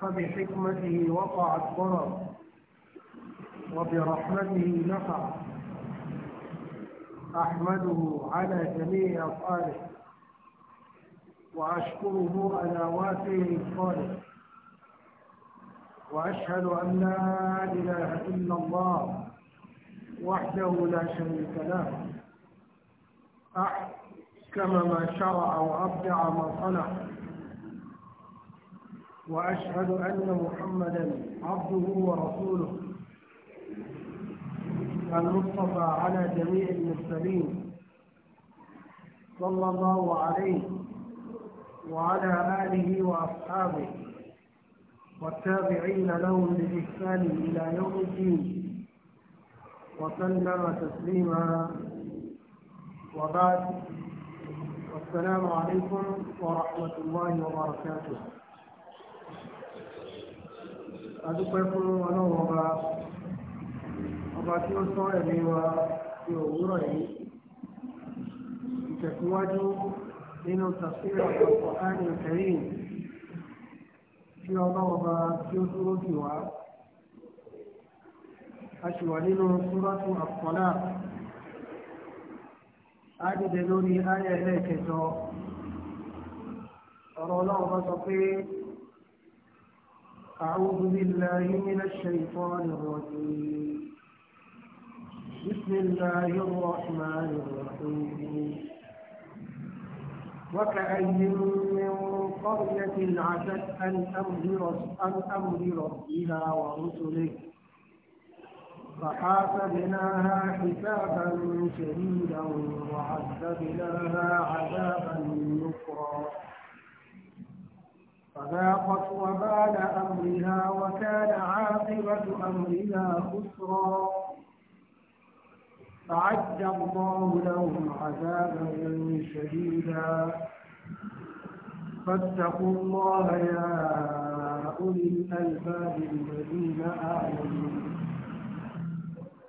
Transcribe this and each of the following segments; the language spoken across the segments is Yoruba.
فبحكمته وقع الضرر وبرحمته نفع أحمده على جميع أفعاله وأشكره على واسع إفضاله وأشهد أن لا إله إلا الله وحده لا شريك له أحكم ما شرع وأبدع ما صنع وأشهد أن محمدا عبده ورسوله المصطفى على جميع المرسلين صلى الله عليه وعلى آله وأصحابه والتابعين لهم بإحسان إلى يوم الدين وسلم تسليما وبعد والسلام عليكم ورحمة الله وبركاته adúpẹ́ fún ọlọ́run ọba ọba tí ó sọ ẹ̀mí wa ní òwúrọ̀ yìí ìtẹ̀síwájú nínú tafsir ọ̀pọ̀ ààrẹ ìkẹyìn tí ọlọ́run ọba tí ó dúró jù wá a sì wà nínú súrọ́tù àpọ̀lá á dìde lórí ayẹyẹ lẹ́ẹ̀kẹjọ ọ̀rọ̀ ọlọ́run bá sọ pé. أعوذ بالله من الشيطان الرجيم بسم الله الرحمن الرحيم وكأي من قرية عتت أن أمر أن أمر ربها ورسله فحاسبناها حسابا شديدا وعذبناها عذابا نكرا فذاقت وبال أمرها وكان عاقبة أمرها خسرا أعد الله لهم عذابا شديدا فاتقوا الله يا أولي الألباب الذين آمنوا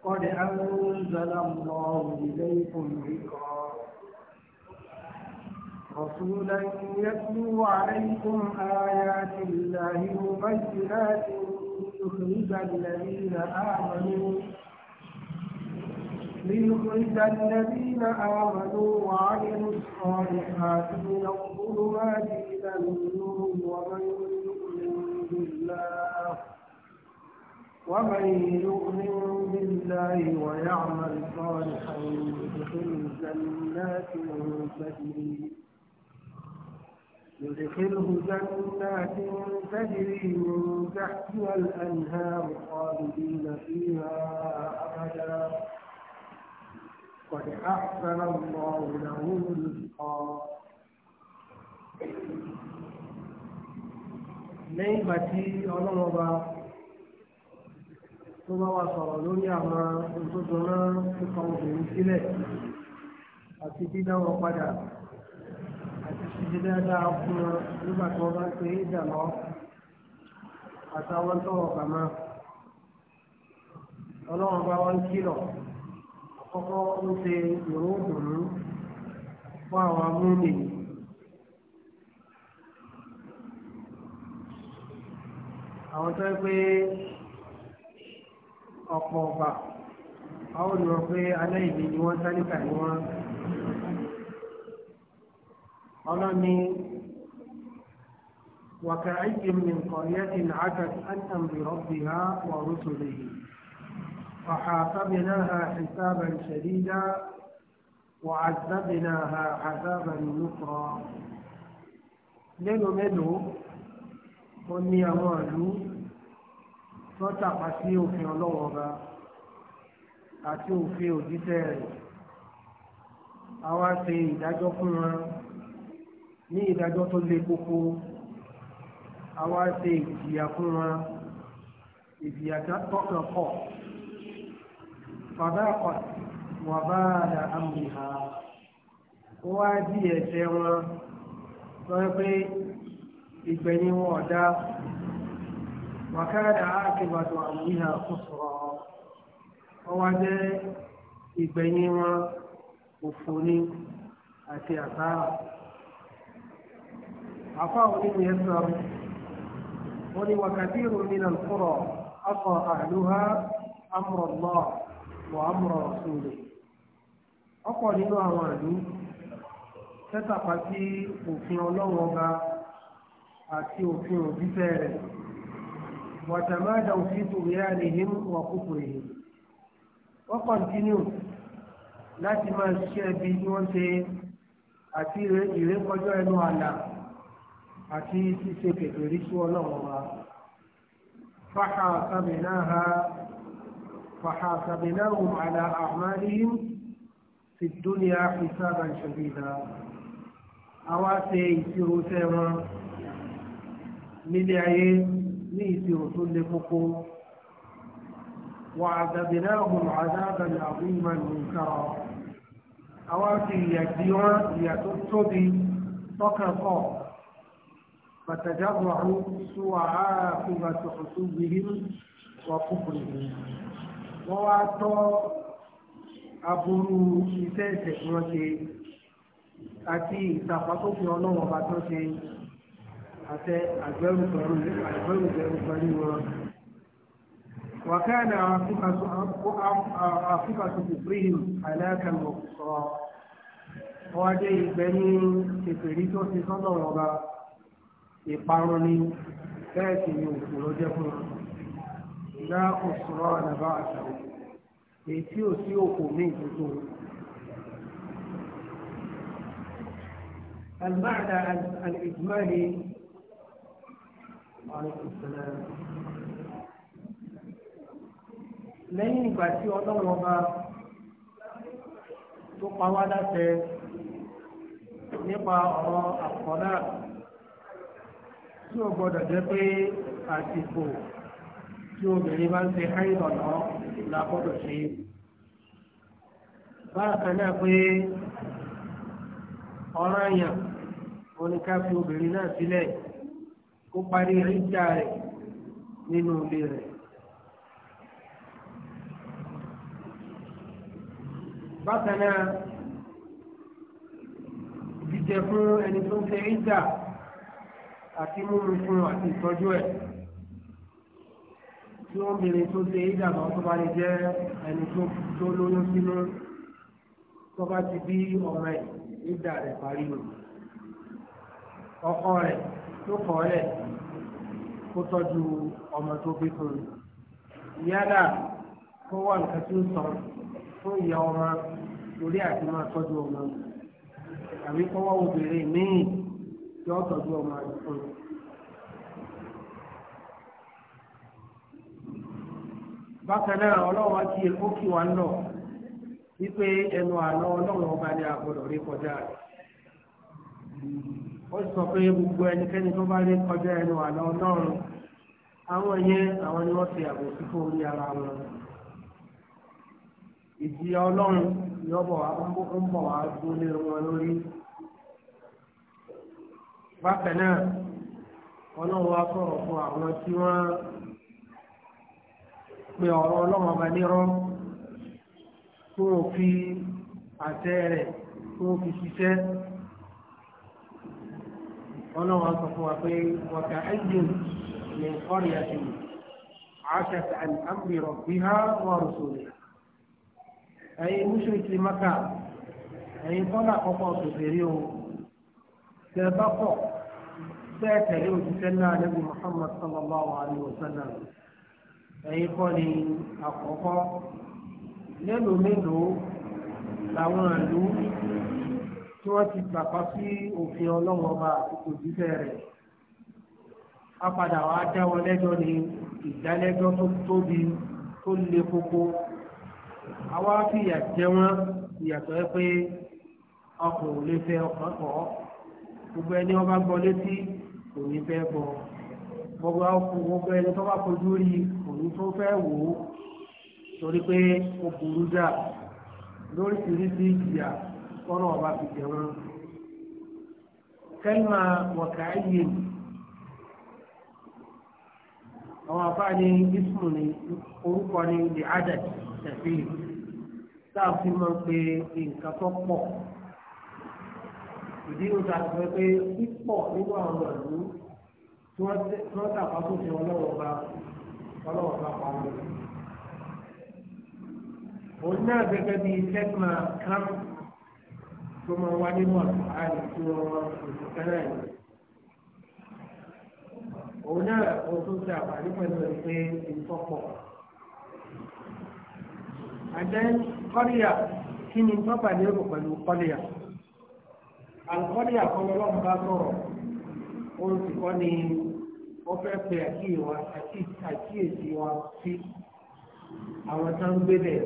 قد أنزل الله إليكم ذكرا رسولا يتلو عليكم آيات الله مبينات ليخرج الذين آمنوا ليخرج الذين آمنوا وعملوا الصالحات من الظلمات إلى النور ومن يؤمن بالله ومن يؤمن بالله ويعمل صالحا يدخل من تجري يدخله جنات تجري من تحتها الأنهار خالدين فيها أبدا قد أحسن الله له رزقا lẹ́yìn ìgbà tí ọlọ́run ọba tó bá wa sọ̀rọ̀ lórí àwọn ohun tó jọ náà tó fa obìnrin sílẹ̀ àti dídá wọn padà ṣe dáadáa fún wọn nígbà tí wọ́n bá ṣe é dà lọ àtàwọn tọwọ́ kàmá ọlọ́run bá wọn kìlọ̀ àkọ́kọ́ ń ṣe ìró fún àwọn amúnì. àwọn tó ń pè ọ̀pọ̀ ọ̀gbà àwọn ni wọ́n ọlọ́ni وكأي من قرية عتت عن أمر ربها ورسله فحاسبناها حسابا شديدا وعذبناها عذابا نكرا mélòó mélòó ó ní àwọn ìlú tó tàpá sí òfin ọlọ́wọ́ àti òfin òjíṣẹ́ rẹ̀ àwa ṣe ìdájọ́ fún wọn ní ìdájọ́ tó le koko àwa ṣe ìjìyà fún wa ìjìyà tọ́kàn pọ̀ bàbá ọ̀pọ̀ wà bá àdà àmìhà ó wá di ẹ̀ṣẹ̀ wọn lọ pé ìgbẹ̀yìn wọn ọ̀dá wàkàdà àkèbàdàn àmìhà kò sọ̀rọ̀ ọ wá jẹ́ ìgbẹ̀yìn wọn òfò ni àti àtàrà. عطاء بن يسر قل وكثير من القرى عصى أهلها أمر الله وأمر رسوله أقوى nínú àwọn ìlú tẹ́tàpá sí òfin ọlọ́run ọba àti òfin òjíṣẹ́ rẹ̀ wàtàmáàdà òfin tòwéyàlèhìn wà kúkúrèhìn wọ́n kọ̀ntínú láti máa ṣiṣẹ́ bí wọ́n ṣe àti ìrékọjọ́ ẹnu àlà àti ṣíṣe kékeré sí ọlọ́run wa fàhà sàbẹ̀náhà fàhà sàbẹ̀náhùn àlà àmàlìyìn ti dúnìá ìsáàbà ìṣòwìlà àwa ṣe ìṣirò sẹ́wọ̀n nílé ayé ní ìṣirò tó le koko wà àdàbẹ̀náhùn àdáàbà àbúrò nìkàrà àwa ṣe ìyàgbé wọn tóbi tọkàn kọ́. فتجرعوا سوء عاقبة حسوبهم وكفرهم وواتوا aburú iṣẹ́ ìṣẹ̀kùn ṣe àti ìtàpátòfin ọlọ́run ọba tó ṣe àtẹ àgbẹrùgbẹrù àgbẹrùgbẹrù pẹ̀lú wọn. wàkàna àfúkàtò kùfìrìm àlàkàlù ọ̀sọ̀ ọ̀wádé ìgbẹ́ni kẹfẹ́rí tó ṣe sọ́dọ̀ ọba ìparun ni bẹ́ẹ̀ sì ni òkú ló jẹ́ fún wọn lá òṣùrọ̀ àdàbà àtàwọn èyí tí ò sí òkú míì tuntun. المعنى الإجمالي عليكم السلام lẹ́yìn ìgbà tí ọlọ́run ọba tó pa wá láṣẹ tí ó gbọ́dọ̀ jẹ́ pé àsìkò tí obìnrin bá ń ṣe háìdọ̀ lọ la gbọ́dọ̀ ṣe. bákan náà pé ọ̀rọ̀ àyàn oníká fi obìnrin náà sílẹ̀ kó parí ríjà rẹ̀ nínú ilé rẹ̀. bákan náà jíjẹ fún ẹni tó ń ṣe ríjà àti múmi fún àti ìtọ́jú ẹ̀ tí wọ́n bèrè tó ṣe ìdàgbà tó bá lè jẹ́ ẹni tó lóyún sínú tó bá ti bí ọmọ ẹ̀ ìdà rẹ̀ parí nù ọkọ rẹ̀ tó kọ́ ẹ̀ kó tọ́jú ọmọ tó bí fún un yálà kó wà nǹkan tó sọ fún ìyá ọmọ lórí àti máa tọ́jú ọmọ àbí kó wá obìnrin míì. yọ tọ́jú ọmọ rẹ̀ fún un. bákan náà ọlọ́wọ́ ti ó kì wá lọ wípé ẹnu àlọ́ ọlọ́run ọba ni rí kọjá rẹ̀. ó sọ pé gbogbo ẹnikẹ́ni tó bá rí kọjá ẹnu àlọ́ ọlọ́run àwọn yẹn àwọn ni wọ́n ti orí ara wọn. ọlọ́run ń bákan náà ọlọ́run wa sọ̀rọ̀ fún àwọn tí wọ́n pe ọ̀rọ̀ ọlọ́run ọba nírọ́ tó o fi àtẹ rẹ̀ tó o fi ṣiṣẹ́ ọlọ́run wa sọ fún wa pé wọ́tà ẹ́jìn ní kọ́rì àti عاشت عن أمر ربها ورسوله أي مشرك لمكة أي طلع قطع سفيريه bẹ́ẹ̀ tẹ̀lé òṣìṣẹ́ náà níbi muhammad sallallahu alayhi wa sallam ẹ̀yin kọ́ ni àkọ́kọ́ mélòó mélòó làwọn ìlú tí wọ́n ti gbàgbọ́ sí òfin ọlọ́wọ́ ọba àti òṣìṣẹ́ rẹ̀ a padà wá dá wọn lẹ́jọ́ ní ìdálẹ́jọ́ tó tóbi tó le koko àwa fìyà jẹ ìyàtọ̀ ẹ pé ọkọ̀ ò lè fẹ́ ọkàn kọ́ gbogbo ẹni wọn bá gbọ́ létí kò ní fẹ́ bọ̀ gbogbo àwọn gbogbo ẹni tó bá fojú rí kò tó fẹ́ wò ó torí pé ó burú dà lóríṣiríṣi ìjìyà kọ́nà ọba fi jẹ wọn. kẹ́lìmà àwọn ismu ni orúkọ ni the adad tẹ̀sí tá a fi máa ń pe nǹkan tó ìdí ló ta sọ pé pípọ̀ nínú àwọn ìlú tí wọ́n tàpá tó fi ọlọ́wọ́ bá ọlọ́wọ́ bá pa wọn. òun náà gẹ́gẹ́ bíi tẹ́kùnà kan tó máa wá nínú àlùfáàlì tí wọ́n ètò kẹ́rẹ́ yìí. òun náà ó tún ṣe àbálí pẹ̀lú ẹ̀ pé ìtọ́pọ̀. àjẹ́ kọ́ríyà kí ni pápá lérò pẹ̀lú kọ́ríyà alùpàdé àkọlọ́ lọ́nà bá sọ̀rọ̀ òun sì kọ́ ni wọ́n fẹ́ pe àkíyèsí wa sí àwọn tá ń gbé bẹ́ẹ̀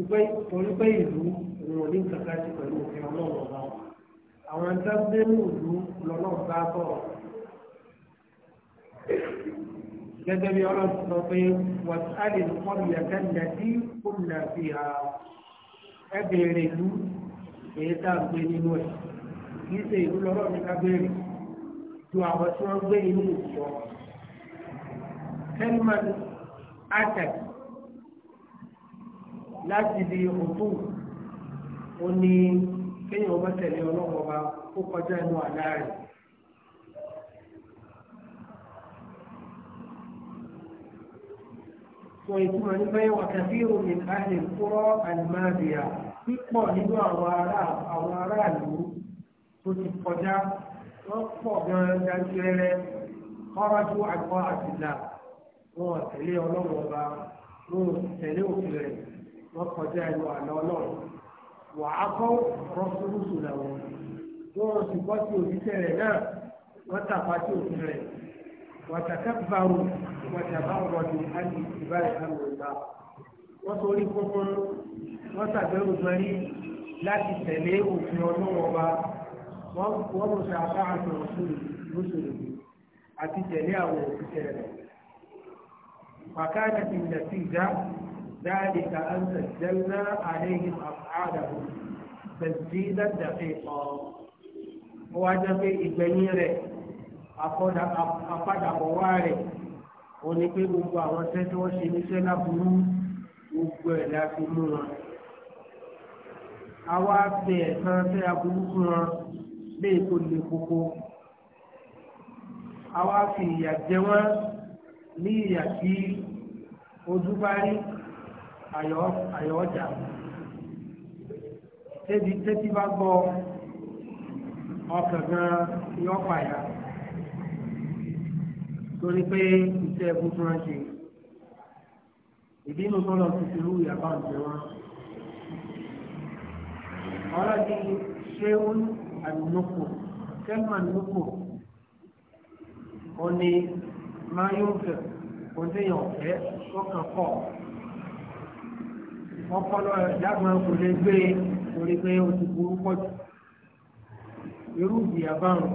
ìpè torí pé ìlú òun ò ní kankan ti pẹ̀lú òfin ọlọ́run ọba àwọn tá ń gbé ní ìlú lọ́nà bá sọ̀rọ̀ gẹ́gẹ́ bí ọlọ́run sọ pé wàtí á lè kọ́ ìyàtọ̀ ìyàtí kò nà fi hà ẹ bèèrè ìlú èyí tá a gbé nínú ẹ̀ kì í ṣe ìlú lọ́rọ̀ ní kábẹ́rì ju àwọn tí wọ́n gbé nínú ìjọ. helman láti di òtún ó ní kéèyàn ọba tẹ̀lé ọlọ́wọ́ ọba ó kọjá inú àlá rẹ̀. ويكون عليه وكثير من أهل القرى المادية pípọ̀ nínú àwọn ará àwọn aráàlú tó ti kọjá wọ́n pọ̀ gan-an dájúrẹ́rẹ́ kọ́rọ́jú àgbọ̀ àtìlá wọn tẹ̀lé ọlọ́run ọba wọn tẹ̀lé òfin rẹ̀ wọ́n kọjá ìlú àná ọlọ́run wà á kọ́ rọ́ṣúrúṣù làwọn wọn sì bọ́ sí òṣìṣẹ́ náà wọ́n tàpá sí òfin rẹ̀ wàtàkàbàrò wàtàbàrò ọdún àti ìbáraẹ̀ká lọ́ba wọ́n wọ́n ṣàgbẹ́rù gbẹ́rí láti tẹ̀lé òfin ọlọ́wọ́ ọba wọ́n mú ṣàfà àti òṣèlú lóṣèlú àti tẹ̀lé àwọn òṣìṣẹ́ rẹ̀. Wàkàtà ti nà sí ìdá dáàdì ka an tẹ̀lé àléhìn àfàdàbò bẹ̀sí dàdàfẹ́ ọ̀. Ó wá jẹ́ pé ìgbẹ̀yìn rẹ̀ àpadàbọ̀ wá rẹ̀ ó ní pé gbogbo àwọn tẹ́tí wọ́n ṣe níṣẹ́ láburú gbogbo ẹ̀ láti mú wọn àwa bẹ ẹ̀sán tẹ́ aburú fún wọn lé ètò lè koko àwa fi ìyà jẹ wọn ní ìyà tí ojú bá rí àyọ̀ ọjà tẹ́tí tẹ́tí bá gbọ́ ọkàn gan yọ pààyà torí pé iṣẹ́ ẹ̀kú tí wọ́n ṣe ìbínú tó lọ sí ìlú ìyàbá òjò wọn. هذه شيء النكر كلمة النكر قلني ما ينفق قلت يوفي وكفى ọpọlọ ẹdáàmọ kò lè gbé e torí pé o ti burú pọ jù irú ìyá báwọn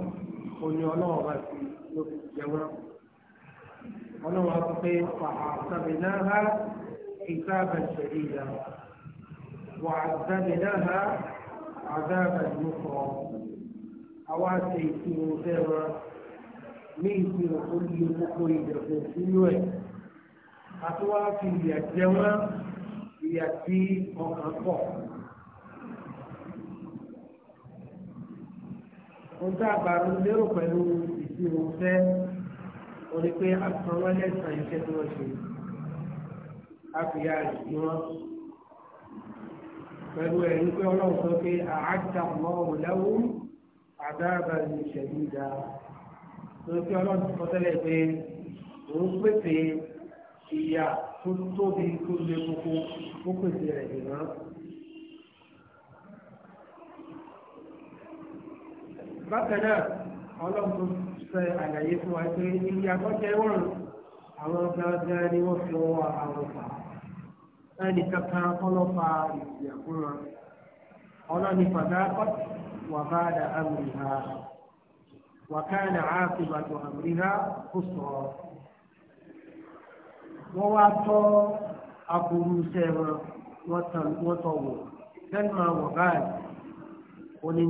kò ní ọlọ́wọ́ bá ti ló fi jẹun ọlọ́wọ́ sọ pé fàá sàbẹ̀náhà ìta àbẹ̀ṣẹ̀ ìyá wà sàbẹ̀náhà. عذابا نكرا أواسي في مدرة ميت كل مخرج في سنوات أتوافي يجمع يأتي أخطاء ohun tá a gbà lérò pẹ̀lú ìṣirò fẹ́ o ní pé àtúnwọ́lẹ́sàn iṣẹ́ tí wọ́n ṣe àfihàn ìwọ́n pẹ̀lú ẹ̀rí pé ọlọ́run sọ pé àádá ọlọ́run lẹ́wọ́ àdáàbà ní ìṣẹ̀lú ìdá tó pé ọlọ́run sọ tẹ́lẹ̀ pé òun pèsè ìyà tó tóbi tó le koko ó pèsè rẹ̀ dìgbà. bákan náà ọlọ́run tó fẹ́ àlàyé fún wa pé ìyà tó jẹ́ wọ́n àwọn gangan ni wọ́n fi ọwọ́ àwọn fà ẹnì kankan kọlọ́fà ìsìyà fún wọn ọlọ́ni fàdákọ́ wà bá dà ámì ha wà káàdà áàfin bàtò àmì ha kó sọ wọ́n wá tọ́ aburú sẹ́wọ̀n wọ́n tọ̀ wọ̀ sẹ́nà wọ̀ báyìí oní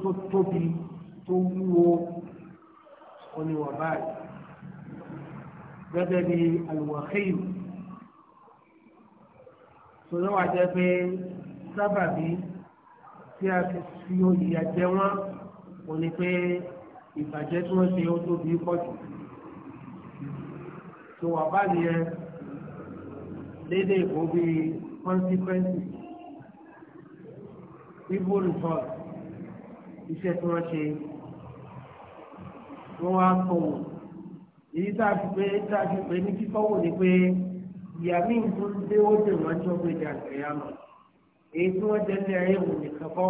tó tóbi tó wúwo oní wọ̀ báyìí gẹ́gẹ́ bí alùwàkìlì torí wàá jẹ́ pé sábàbí tí a fi fi ìyà jẹ wọ́n kò ní pé ìbàjẹ́ tí wọ́n ṣe ó tóbi pọ̀ jù. tó wà báyìí yẹn lédè ìbò bíi consequences evil result iṣẹ́ tí wọ́n ṣe wọ́n wá kọ̀wọ̀ èyí tá a fi pé tá a fi pé ní kíkọ́wò ni pé. ìyàmí tó ń dé ó dè wọ́n jọ pé jà kẹyàmà èyí tí wọ́n jẹ ní ayé wò nìkan kọ́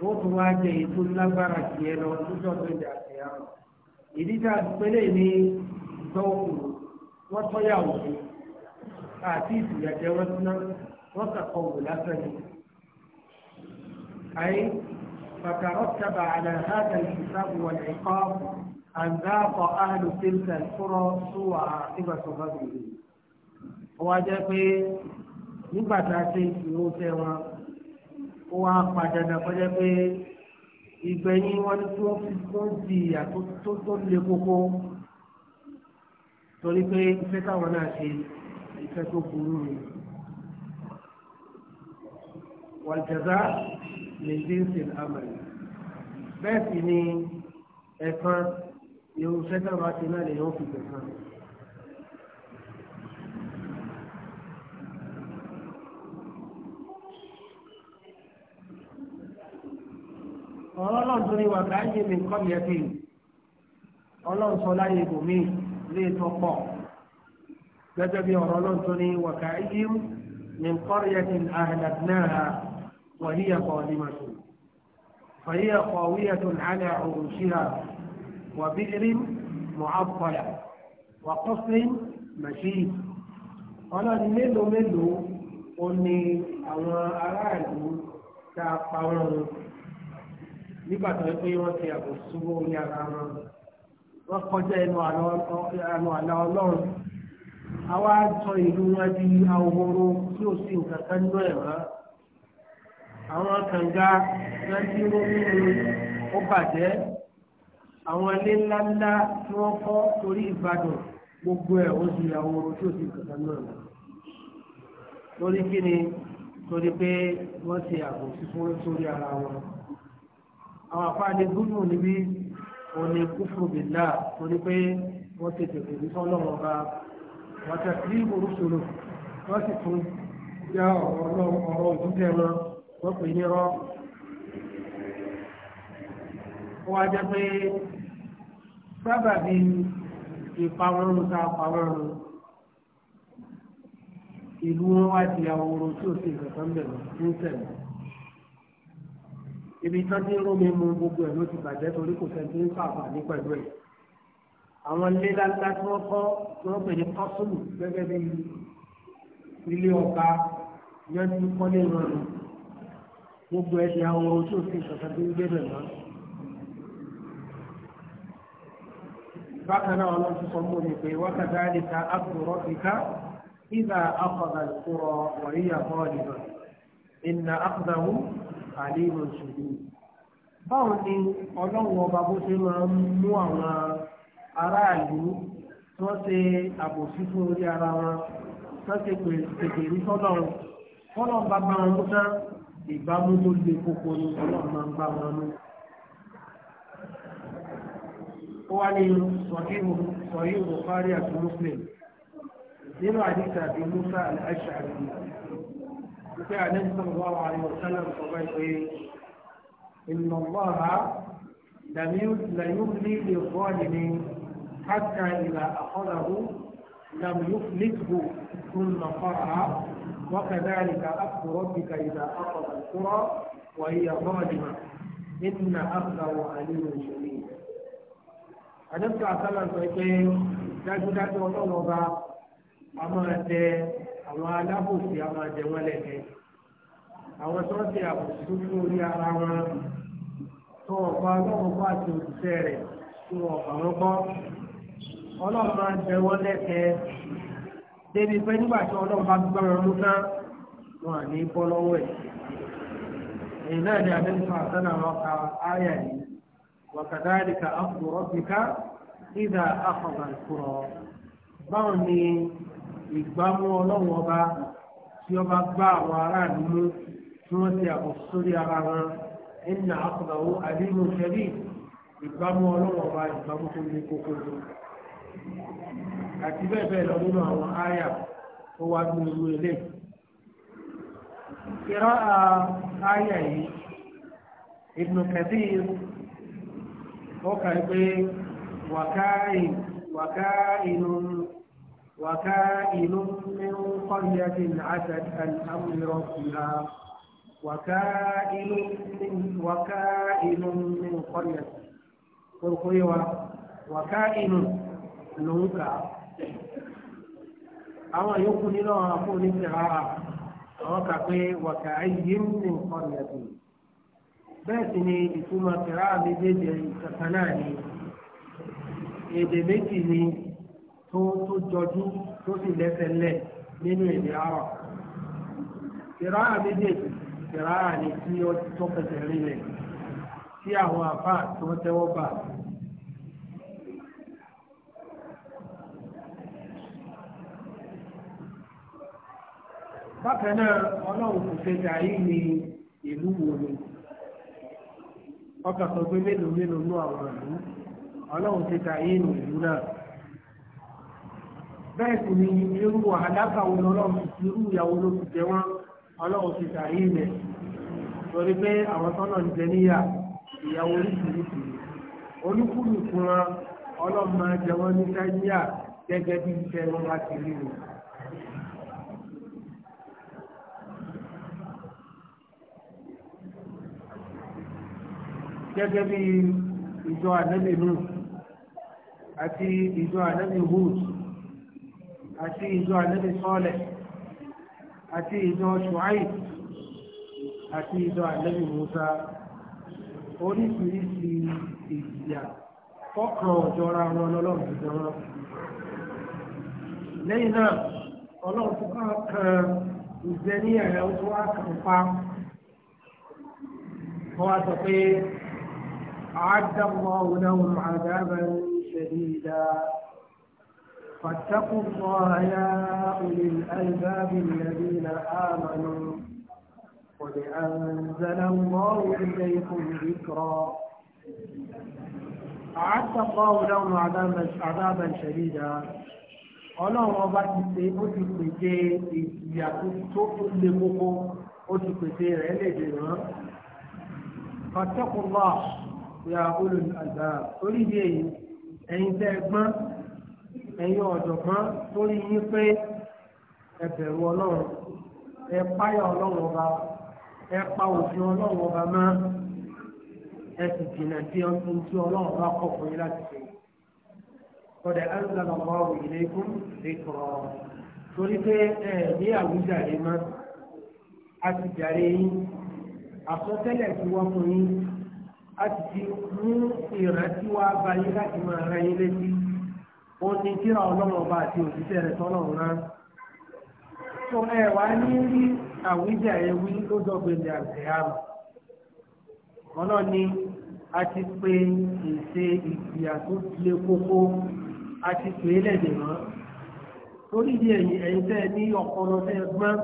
wọ́n tún wá jẹ èyí tó lágbára jù ẹ lọ tó jọ pé jà kẹyàmà ìdí tá a pélé ní dọ́wọ́ wọ́n tọ́yàwó ni àti ìtìyàjẹ wọn tún náà wọ́n kàkọ́ wò lásán ni. àyè فترتب على هذا الحساب والعقاب أن ذاق أهل تلك القرى سوء عاقبة غدرهم ó wá jẹ́ pé nígbà tá a ṣe ìṣirò tẹ wọn ó wá padà dà kọjá pé ìgbẹ̀yìn wọn ni tí wọ́n fi tó ń di ìyà tó tó le koko torí pé iṣẹ́ táwọn náà ṣe iṣẹ́ tó burú ni. wàlùjẹ̀dá lè dé ìsìn àmàlì bẹ́ẹ̀ sì ni ẹ̀kan irun táwọn àti náà lè yọ̀ fi gbẹ̀kan. ọ̀rọ̀ náà tó ní wà ká yé mi kọ́ yẹ kí ọlọ́run sọ láyé ibòmí lè tó pọ̀ gẹ́gẹ́ bí ọ̀rọ̀ náà tó ní wà ká yé mi kọ́ yẹ kí àhàdàdínàhà وهي قادمة فهي قاوية على عروشها وبئر معطلة وقصر مشيد ọlọ́run mélòó mélòó ó ní àwọn aráàlú tá a pa wọn run nígbà tó ń pé wọ́n ti àbò súnmọ́ orí ara wọn wọ́n kọjá ẹnu àlà ọlọ́run àwa sọ ìlú wọn di ahoro tí ò sí nǹkan kan nínú ẹ̀ mọ́ àwọn kànga wọn ti ró nínú ó bàjẹ́ àwọn ilé ńláńlá tí wọ́n kọ́ torí ìbàdàn gbogbo ẹ̀ ó di ahoro tí ò sí nǹkan kan nínú ẹ̀ mọ́ lórí kí ni torí pé wọ́n ti àbò sí sórí ara wọn àwọn àpáàdé gúnnù níbí òní kúfù bìlá torí pé wọ́n ti tètè ní sọ́lọ́wọ́ bá wọ́n ti rí orúṣòro wọ́n sì tún já ọ̀rọ̀ òtútẹ́ wọn wọ́n pè ní rọ́. ó wá jẹ́ pé sábàbí ìpamọ́rún tá a pamọ́rún ìlú wọn wá di àwòrán tí ó ti ìgbà kan bẹ̀rẹ̀ ní sẹ́yìn ibi tán ti ń rún mi mú gbogbo ẹ̀ ló ti bàjẹ́ torí kò sẹ́ni tó ń fàfà ní pẹ̀lú ẹ̀ àwọn ilé dáadáa tí wọ́n kọ́ tí wọ́n pè ní kọ́sùlù gẹ́gẹ́ bí ilé ọba yọjú kọ́lé ìrọ̀rùn gbogbo ẹ̀ di àwọn ojú òfin ìṣọ̀kan tó ń gbé bẹ̀ mọ́. bákan náà wọn ti sọ fún mi pé wákàtí àdìsá àbúrò ìka ìgbà àkọ́gbà ìkúrọ̀ wọ̀nyí àlímọ̀ ṣùgbọ́n báwo ni ọlọ́run ọba bó ṣe máa ń mú àwọn aráàlú tí wọ́n ṣe àbòsí fún orí ara wọn tí wọ́n ṣe pèsè rí sọ́lọ́run fọ́lọ́run bá bá wọn mú tán ìbámu tó le koko ni ọlọ́run máa ń bá wọn mú. ó wá ní sọ̀híhù sọ̀híhù bùkárí àti muslim nínú àdìsá àti musa al-ashari pé àdéhùn sọ̀rọ̀ wà wà ní ọ̀sẹ́lẹ̀ ọ̀gbẹ́ pé ìnàmọ́ra làyúlì lè bọ́ọ̀lì ni hàtà ìlà àkọ́làwó làmúlùfìlìtìbò tó nàkọ́ra وكذلك أخذ ربك إذا أخذ القرى وهي ظالمة إن أخذه أليم شديد àdébùtà sálà sọ pé dájúdájú ọlọ́wọ́ bá a máa tẹ àwọn alábòsí a máa jẹ wọ́n lẹ́kẹ́ àwọn tó ń ṣe àbòsí fún orí ara wọn tó ti òṣìṣẹ́ rẹ̀ tó ọ̀pá wọn gbọ́ ọlọ́run máa jẹ wọ́n lẹ́kẹ́ débi pé nígbà tí ọlọ́run bá gbọ́ wọn mú tán wọn à ní bọ́ lọ́wọ́ ẹ̀ èyí náà ni àdéhùn àtàlà wọn ka áyà yìí ìgbámú ọlọ́run ọba tí ọba gbá àwọn aráàlú mú tí wọ́n ti àkóso sórí ara wọn ẹ̀nà àkùnàwó àdínú ṣẹ́bí ìgbámú ọlọ́run ọba ìgbámú tó ní kókó lọ. àti bẹ́ẹ̀ bẹ́ẹ̀ lọ nínú àwọn àyà tó wá ní irú ilé. ìrọ̀ àyà yìí ibnu kadir ó kà pé wàkáì wàkáì وكائن من قرية عتت عن أمر ربها وكائن من وكائن من قرية قرقيوة وكائن نوكا أو يكون له أقول انتهاء أو كقي وكأي من قرية باتني لتما قراءة بجد كفناني إذا بيتني tó tó jọjú tó sì lẹ́sẹ̀ lẹ̀ nínú èdè àrọ̀. Kìráà méjèèjì kìráà ni tí ó ti tó fẹsẹ̀ rinlẹ̀ tí àwọn àbá tí wọ́n tẹ́wọ́ bà. Bákan náà, ọlọ́run kò ṣe dàrí ni ìlú wo ni. Ọkàn sọ pé mélòó mélòó ní àwọn ìlú. Ọlọ́run ti dàrí ìlú náà. bẹ́ẹ̀ sì ni irú àdáka wo lọ́lọ́run irú ìyàwó ló ti jẹ wọ́n ọlọ́run ti sàrí ilẹ̀ torí pé àwọn tọ́nà ń jẹ níyà ìyàwó oríṣiríṣi olúkúlùkù wọn ọlọ́run máa jẹ wọ́n ní sáyíà gẹ́gẹ́ bí àti ìjọ ànábì sọ́ọ̀lẹ̀ àti ìjọ ṣùáì àti ìjọ ànábì musa oríṣiríṣi ìjìyà fọ́kàn ọ̀jọ́ra wọn lọ́lọ́run ti jọ wọn. lẹ́yìn náà ọlọ́run tó bá kan ìjẹ́ ní ẹ̀rẹ́ tó wá kàn pa wọ́n á sọ pé àádọ́mọ́ òun náà wọ́n máa dábàá ṣẹ̀dí dáa. فاتقوا الله يا أولي الألباب الذين آمنوا قد أنزل الله إليكم ذكرا أعد الله لهم عذابا شديدا ọlọ́run ọba ti ṣe ó ti pèsè ìyà tó le koko ó ti pèsè rẹ̀ léde rán fàtẹ́kùnlá ya olùdàgbà orílẹ̀ èyí ẹ̀yin tẹ́ ẹ gbọ́n ẹ̀yin ọ̀jọ̀gbọ́n torí yín pé ẹ bẹ̀rù ọlọ́run ẹ páyà ọlọ́run ọba ẹ pa òfin ọlọ́run ọba mọ́ ẹ sì jìnnà sí ohun tí ọlọ́run ọba kọ̀ fún yín láti ṣe. ọ̀dẹ̀ ẹ̀ńdàlọ́ ọba òyìnbó ikú lè kọ̀ọ̀ torí pé ẹ ní àwùjáde mọ́ a ti jàre yín àsọtẹ́lẹ̀ tí wọ́n fún yín a ti mú ìrántí wa bá yín láti máa ra yín létí ó ní kíra ọlọ́run ọba àti òṣìṣẹ́ rẹ̀ tọ́lọ́run rán. tó ẹ wá ní rí àwíjà ẹ wí lódọ́gbẹ̀lẹ̀ àgbẹ̀hàmù. ọlọ́run ni a ti pe èsè ìgbìyà tó le kókó a ti pè é lẹ́dẹ̀ mọ́. torí ìdí ẹ̀yìn ẹ̀yìn tẹ́ ẹ ní ọpọlọ tẹ́ ẹ gbọ́n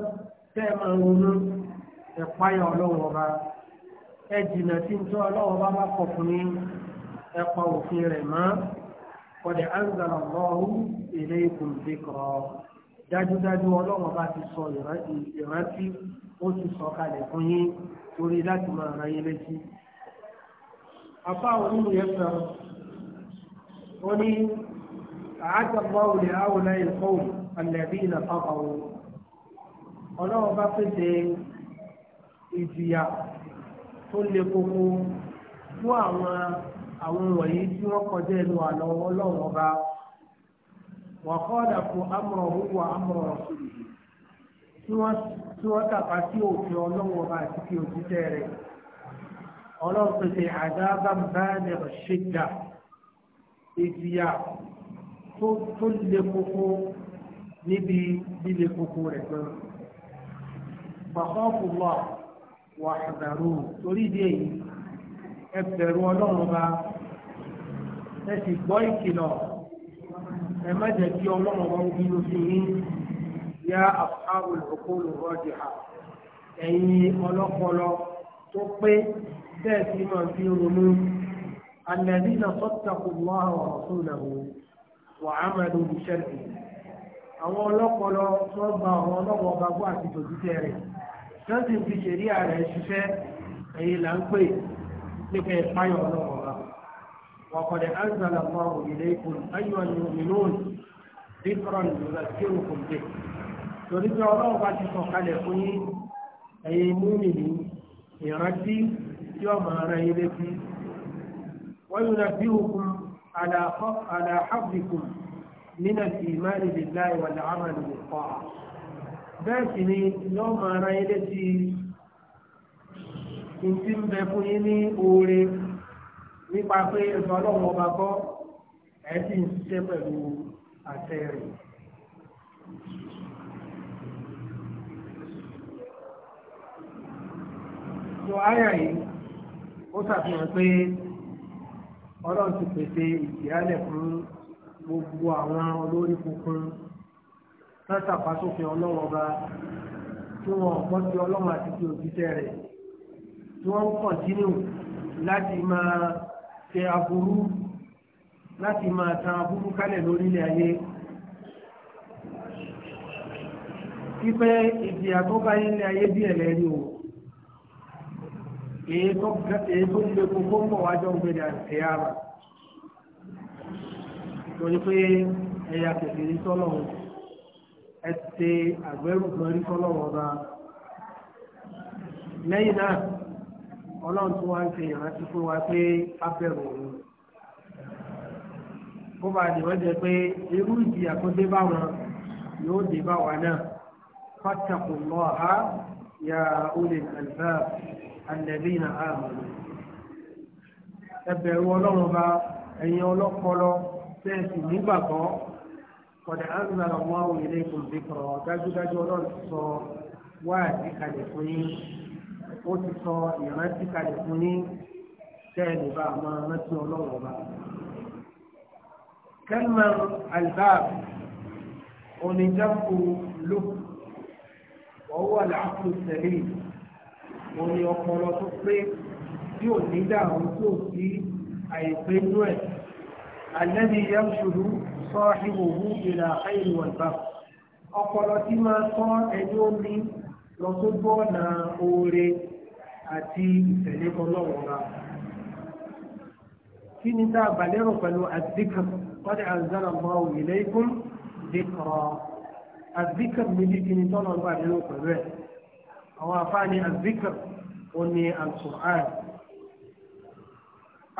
tẹ́ ẹ máa ronú ẹ̀páyà ọlọ́run ọba ẹ jìnnà tí ń tọ́ ọlọ́run ọba bá kọ̀ fún yín ẹ òfin rẹ̀ mọ́ kọ̀dẹ̀ anzala lọ́hùn ilé ikùn dìkọ̀ dájúdájú ọlọ́run bá ti sọ ìrántí ó ti sọ kalẹ̀ fún yín torí láti máa ra yín létí. apá òun yẹn sọ ó ní àádọ́gbọ́ òlè àwòlá ìkọ́ àlẹ́bí ìnàfàkọ̀ òun ọlọ́run bá pèsè ìjìyà tó le koko fún àwọn. àwọn wọ̀nyí tí wọ́n kọjá ẹnu àlọ́ ọlọ́run ọba wọ́n kọ́ dàpọ̀ amúrọ̀ wíwọ amúrọ̀ tí wọ́n tàpá sí òfin ọlọ́run ọba àti kí òjíṣẹ́ rẹ̀ ọlọ́run pèsè àdáàbà báyìí ṣèjà ìjìyà tó le koko níbi líle koko rẹ̀ gan. Bàbá ẹ bẹ̀rù ọlọ́run ọba ẹ sì gbọ́ ìkìlọ̀ ẹ má jẹ́ kí ọlọ́run ọba ń bínú sí yín yá àfáwọ̀ ìrọ̀kọ́lù rọ́ọ̀dì hà ẹ̀yin ọlọ́pọlọ tó pé bẹ́ẹ̀ sì máa fi ronú alẹ́bí náà sọ́tàkù lọ́wọ́ ọ̀tún náà wà á ìṣẹ́lẹ̀ àwọn ọlọ́pọlọ tó gba àwọn ọlọ́wọ́ ọba àti tòjútẹ́ rẹ̀ tó sì fi ṣèlérí rẹ̀ ṣiṣẹ́ ẹ̀yin là ń pè é pípẹ́ ìpáyọ̀ náà wà. وقد أنزل الله إليكم أيها المؤمنون ذكرا يذكركم به torí pé ọlọ́run bá ti sọ̀kalẹ̀ fún yín ẹ̀yin múmi ní ìrántí tí ọmọ ara yín létí wọ́n yóò na ìtí ń bẹ fún yín ní oore nípa pé ẹ̀sọ́ ọlọ́run ọba kọ́ ẹ̀ sì ń ṣiṣẹ́ pẹ̀lú àṣẹ rẹ̀. sọ àyà yìí ó ṣàfihàn pé ọlọ́run ti pèsè ìdíyálẹ̀ fún gbogbo àwọn olórí funfun tán ṣàpàṣòfin ọlọ́run ọba tí wọn ò gbọ́ sí ọlọ́run àti ti òjíṣẹ́ rẹ̀ tí wọ́n ń kọ̀tínú láti máa tẹ aburú láti máa tan aburú kálẹ̀ lórílẹ̀ ayé. Fífẹ́ ìjìyà tó bá yín lé ayé díẹ̀ lẹ́rìí o. Èyí tó ń gbé gbogbo ń bọ̀ wájọ́ ń gbéra ẹ̀yà rà. Torí pé ẹ̀yà kẹ̀kẹ́ sọ́lọ̀ ẹ̀ ti àgbẹ̀rù kan rí sọ́lọ̀ wọn Lẹ́yìn náà ọlọ́run tó wá ń ṣe ìrántí fún wa pé a bẹ̀rù òun kó bá lè wọ́n jẹ pé irú ìjìyà tó dé bá wọn yóò dé bá wa náà fàtàkùn lọ ha ya olè àlùbá àlẹ́bí na àmọ́ ẹ bẹ̀rù ọlọ́run bá ẹ̀yin ọlọ́pọlọ sẹ́ẹ̀sì nígbàgbọ́ kọ̀dà ánzà lọ́wọ́ òyìnbó kò dé kọ̀ dájúdájú ọlọ́run sọ wáàdí kalẹ̀ fún yín ó ti sọ ìrántí kalẹ̀ fún ní sẹ́ẹ̀lì bá a máa rántí ọlọ́wọ́ bá. kẹ́lmà albaab oníjàpọ̀ ló ọwọ́ làákùn tẹ̀lé òní ọpọlọ tó pé tí ò ní dàrú tó sí àìpé nú ẹ̀ alẹ́ ni yẹn ṣòro sọ́ọ́hìwòwú ìlà àìwọ̀nba ọpọlọ tí máa sọ ẹni ó ní lọ sójú ọ̀nà oore àti ìtẹ̀lé ọlọ́wọ́ ra. kí ni tá a bà lérò pẹ̀lú àdìkà wọ́n ti àǹzára mọ́ òun ilé ikún dìkọ̀ àdìkà méjì kí ni tọ́lọ̀ ń bà lérò pẹ̀lú ẹ̀. àwọn afáàní àdìkà ó ní alukur'an.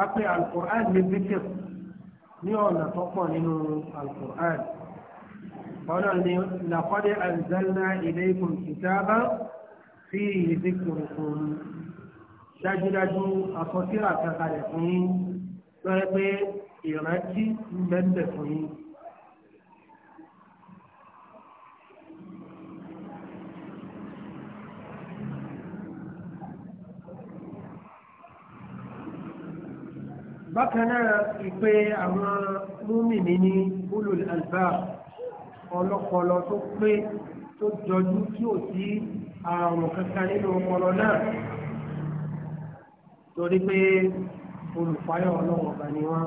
a pe alukur'an ní dìkà ní ọ̀nà tó pọ̀ nínú alukur'an. قال لقد أنزلنا إليكم كتابا sí ìdíkùrùkùn dájúdájú àkọsílẹ̀ àkàkalẹ̀ fún yín lọ́yẹ́ pé ìrántí ń bẹ́ẹ̀ fún yín. bákan náà ìpè àwọn múmi mi ní ulul albab ọlọ́pọlọ tó pé tó jọjú tí ò sí àrùn kankan nínú ọpọlọ náà torí pé olùfáyọ̀ ọlọ́wọ́ ọba ni wọ́n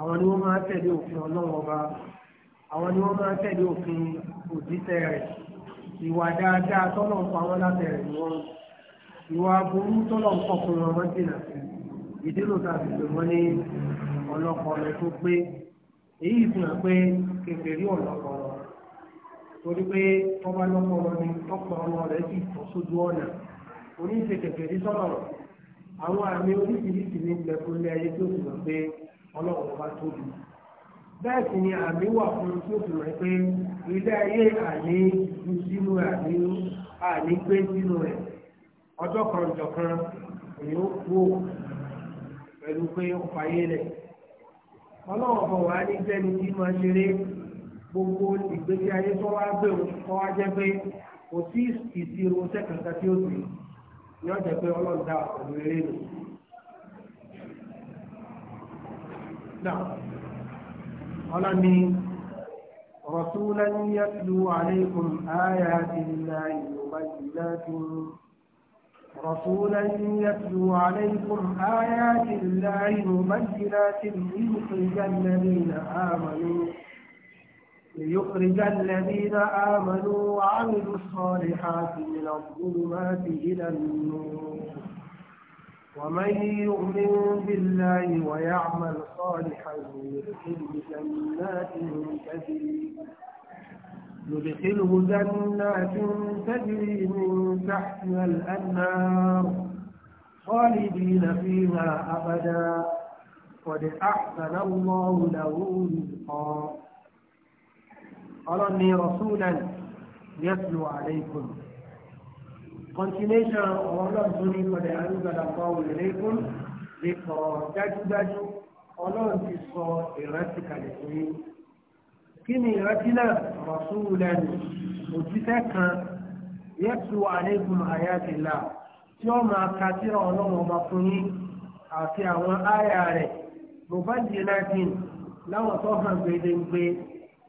àwọn ni wọ́n máa tẹ̀lé òfin ọlọ́wọ́ ọba àwọn ni wọ́n máa tẹ̀lé òfin òjíṣẹ́ rẹ̀ ìwà dáadáa tọ́lọ̀ ń pa wọ́n látẹ̀rẹ̀ ni wọ́n ìwà burú tọ́lọ̀ ń kọkùnrin wọn wọ́n dènà ìdílò tàbí pé wọ́n ní ọlọ́kọ̀ọ́lọ́ tó pé èyí fi hàn pé kékeré ọ̀lọ́kọ̀ọ́lọ́ torí pé tọ́ba lọ ni tọ́pọ̀ ọmọ rẹ̀ sì tọ́ sójú ọ̀nà oníṣèkẹ̀kẹ̀ rí sọ́nà àwọn àmì oríṣiríṣi ní ilẹ̀kùnlé ayé tó fi hàn pé ọlọ́run bá tóbi bẹ́ẹ̀ sì ni àmì wà fún tí ó fi hàn pé ilé ayé àní ju sínú àní àní sínú rẹ̀ ọjọ́ kan èyí ó kú pẹ̀lú pé ó fàyè rẹ̀ gbogbo ìgbésí ayé tó wá gbé o kọ́ wá jẹ́ pé kò sí ìṣirò sẹ́kàǹkà tí ó sì yọ jẹ́ pé ọlọ́run dá pẹ̀lú eré nù. náà ọlọ́ni rọ̀túnlá ní yàtúlù àlékún àyà ìlà ìlúwa ìlà tó رسولا يتلو عليكم آيات الله مبينات ليخرج الذين آمنوا ليخرج الذين آمنوا وعملوا الصالحات من الظلمات إلى النور ومن يؤمن بالله ويعمل صالحا يدخله جنات تجري يدخله جنات تجري من تحتها الأنهار خالدين فيها أبدا قد أحسن الله له رزقا ọlọ́ni rasulan yatlu alaykum continuation ọlọ́run tó ní kọ̀dẹ̀ àrùgbàdà kọ́wé alaykum lè kọ̀ dájúdájú ọlọ́run ti sọ ìrántí kalẹ̀ fún yín kí ni rasulan òjíṣẹ́ kan na alaykum ayatillah tí ó máa ka síra ọlọ́run ọba fún yín àti àwọn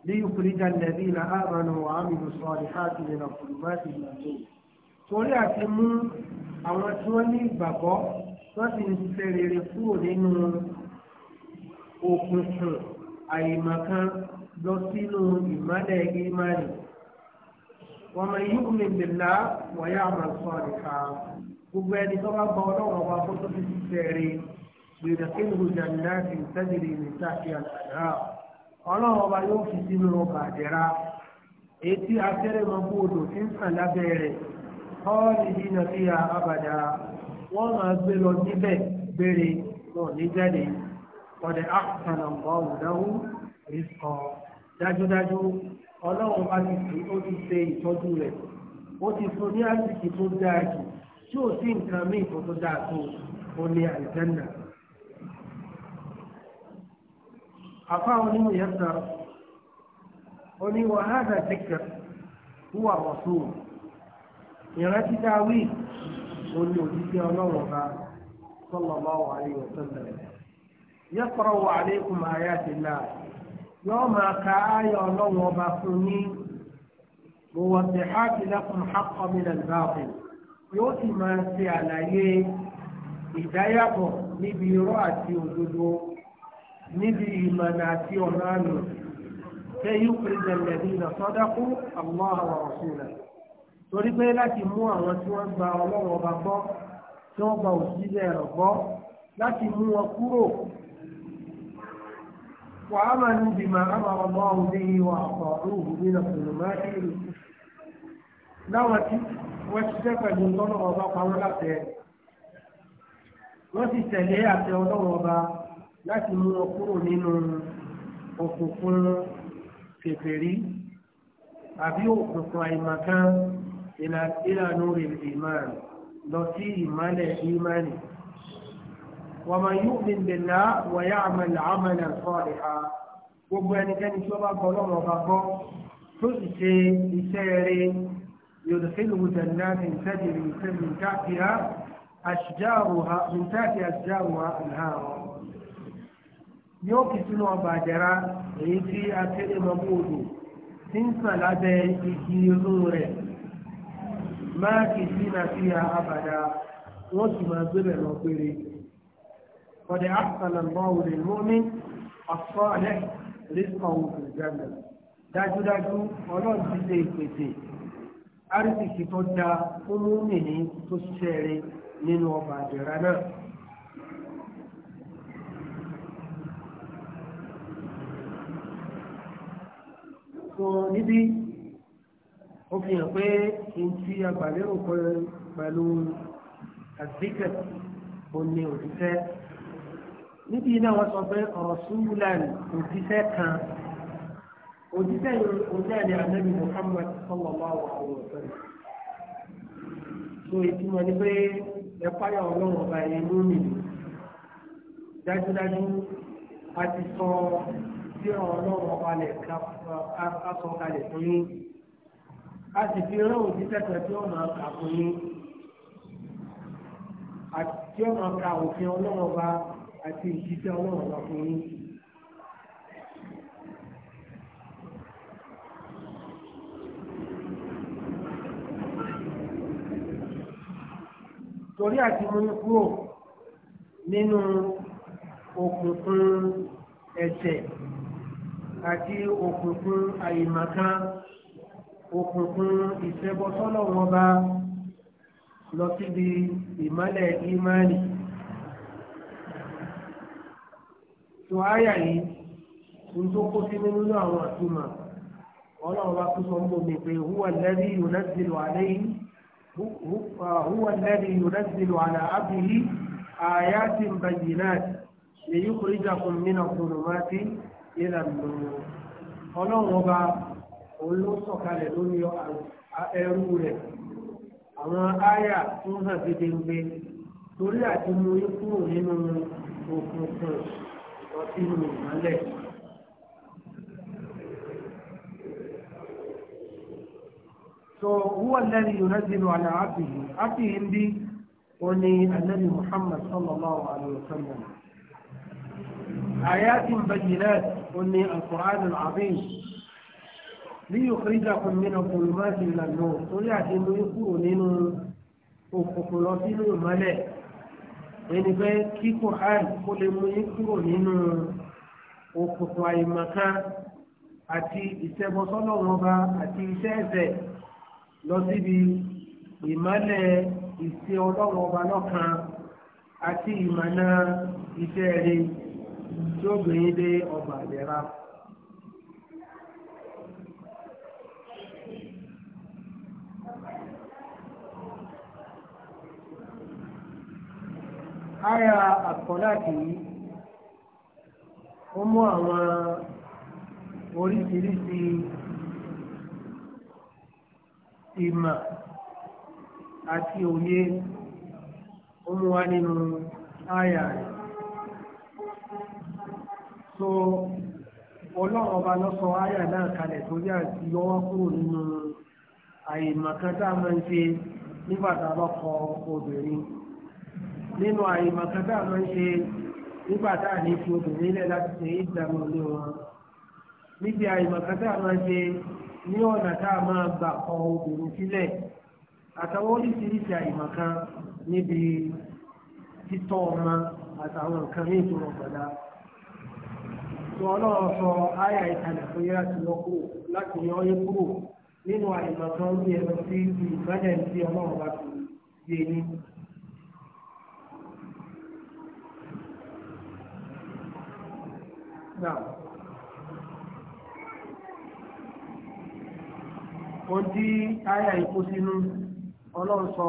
ليخرج الذين آمنوا وعملوا الصالحات من الظلمات إلى النور torí àti mú àwọn tí wọ́n ní ìgbàgbọ́ wọ́n sì ń ṣiṣẹ́ rere kúrò nínú òkùnkùn àìmọ̀kan lọ sínú ìmọ̀lẹ̀ ìmọ̀lẹ̀ wọ́n máa yí omi bìlá wọ̀nyá àmàlù sọ̀rọ̀ gbogbo ẹni tó bá gba ọlọ́wọ́ wa kó tó fi ṣiṣẹ́ rere gbèrè kí n ń tẹ́lẹ̀ ní sáà kí àlàyé ọlọ́run ọba yóò fi sínú bàjẹ́ra etí akérèmọ́kú odò tí ń sàn lábẹ́ rẹ̀ ọ́ọ̀lì dínà sí abàdà wọ́n máa gbé lọ níbẹ̀ gbére náà ní jáde ọ̀dẹ̀ àkùsàn ọ̀gbọ́n ọ̀dáwó rí kọ́ dájúdájú ọlọ́run bá ti fi ó ti ṣe ìtọ́jú rẹ̀ ó ti fún ní àsìkò tó dáa jù tí ò sí nǹkan míì tó tó dáa tó ó ní àìsàn náà. àfáwọn onímọ̀ yẹn sọ ó ní wàhálà dìkà wúwà wọ̀sùn ìrántí dáwì ó ní òjijì ọlọ́run ọba sọlọ́mọ́ wàhálì wọ̀sùn bẹ̀rẹ̀ yẹ́pọ̀rọ̀ wà lẹ́kùn àyà ti là yọ́ máa ka ayọ̀ ọlọ́run ọba fún yín mo wà sí hákì lẹ́kùn hákọ́ mi lẹ́nu báwọ̀ yóò sì máa ṣe àlàyé ìdáyàbọ̀ níbi irọ́ àti òdodo. níbi ìmọ̀nà àti ọ̀nà àná fẹ́ yóò péjọ lẹ́bí iná sọ́dákú àwọn àwọn ọ̀sùn rẹ̀ torí pé láti mú àwọn tí wọ́n gba ọlọ́run ọba gbọ́ tí wọ́n gba òṣìṣẹ́ rẹ̀ gbọ́ láti mú wọn kúrò وعملوا بما أمر الله به وأطاعوه من الظلمات لوتي واستفدوا من رضا قولته ọba. láti mú wọn kúrò nínú òkùnkùn kèfèrí àbí òkùnkùn àìmọ̀kan ìlànà ìmọ̀ lọ sí ìmọ̀lẹ̀ ìmọ̀lẹ̀. ومن يؤمن بالله ويعمل عملا صالحا gbogbo ẹnikẹ́ni tí ó bá gbọ́ lọ́wọ́ bá gbọ́ tó sì ṣe iṣẹ́ rẹ̀ yòdòfílù jẹ̀nà ní ìṣẹ́jì ìṣẹ́jì ìṣẹ́jì ìṣẹ́jì àṣìjáàrùhà ìṣẹ́jì àṣìjáàrùhà àlhàrùn yóò kì sínú ọgbà àjẹrà èyí tí akéré mọ bó odò tí ń sàn lábẹ́ igi inú rẹ̀ máa kì sí nàfíà abàdà wọ́n sì máa gbébẹ̀ lọ péré. Kọ̀dẹ̀ àkàlà ń bọ̀ wòlé lómi ọ̀sọ́ alẹ́ rísọ̀ òkú jáde. Dájúdájú ọlọ́run ti ṣe ìpèsè. Arísìkì tó da fún múmi ní tó ṣiṣẹ́ nínú ọgbà àjẹrà náà. tó níbí ó fi hàn pé ohun tí agbàlérò pẹ̀lú àzíkẹ̀ ó ní òṣìṣẹ́ níbi iná wọn sọ pé ọ̀rọ̀ súwúlàn òṣìṣẹ́ kan òṣìṣẹ́ òṣìṣẹ́ ní anábì muhammad sallallahu alaihi wa sallam so ìtumọ̀ ni pé ẹ̀páyà ọlọ́run ọba ẹ̀yẹ lónìí dájúdájú a ti sọ tí ọlọ́run palẹ̀ aṣọ kalẹ̀ fún yín a sì fi rán òjíṣẹ́ kan tí ọ̀nà kà fún yín àti ọ̀nà kà òfin ọlọ́run bá àti ìjíṣẹ́ ọlọ́run bá fún yín. torí àti múni kúrò nínú òkùnkùn ẹ̀sẹ̀ àti òkùnkùn àyèmàkan òkùnkùn ìṣẹ́bọsọ́lọ̀ wọn bá lọ síbi ìmọ́lẹ̀ ìmánì. tó àyà yìí ń tó kó sí nínú àwọn àtúmọ̀ ọlọ́run bá tún sọ ń bomi pé huwa lẹ́rí yunazzilu alayhi huwa lẹ́rí yunazzilu ala abdihi ayatin bayyinat lèyí kúrìjà kùn nínú kùnùmá sí ìlànà ọlọ́run ọba olóṣọ̀kalẹ̀ lórí ẹrú rẹ̀ àwọn àyà tó ń hàn gedegbe torí àti mú ikúrò nínú òkùnkùn lọ sínú ìmọ̀lẹ̀. so huwa lẹ́nu yunazinu ala abihi abihi ń bí wọn ni anabi muhammad sallallahu alayhi wa sallam ayatin bayyinat ní alukur'an alazim bí yukhrijakum min adh-dhulumati ila an-nur torí àti inú kúrò nínú òkùnkùn lọ sínú ìmọ́lẹ̀ ẹni pé kí Qur'an kó lè mú yín kúrò nínú òkùnkùn àìmọ̀kan àti ìṣẹ́bọsọ́nà ọba àti iṣẹ́ ẹ̀fẹ̀ lọ síbi ìmọ́lẹ̀ ìṣe ọlọ́run ọba lọ́kan àti ìmọ̀nà iṣẹ́ rẹ̀. tí ó gbé yín e dé ọgbà ìlera. Aya àkọ́lá kìí ó mú àwọn oríṣiríṣi ìmọ̀ àti òye ó mú wa nínú aya rẹ̀. so ọlọ́run ọba lọ́sọ ayà náà kalẹ̀ torí àti yọwọ́ kúrò nínú àyèmọ̀kan tá a máa ń ṣe nígbà tá a bá kọ obìnrin nínú àyèmọ̀kan tá a máa ń ṣe nígbà tá a ní fi obìnrin lẹ̀ láti ṣe ìdààmú ilé wọn níbi àyèmọ̀kan tá a máa ń ṣe ní ọ̀nà tá a máa gbà kọ obìnrin sílẹ̀ àtàwọn oríṣiríṣi àyèmọ̀kan níbi títọ́ ọmọ àtàwọn nǹkan ní ìtura ọ̀gbọ̀dá tí ọlọ́run sọ ayà ìtàlẹ̀ fún yíra ti lọ kúrò láti yọ ọ́ kúrò nínú àìmọ̀tán bí ẹ̀rọ sí ibi ìgbàdẹ̀ tí ọlọ́run bá ti gbé ní. Wọ́n dí ayà ìkó sínú ọlọ́run sọ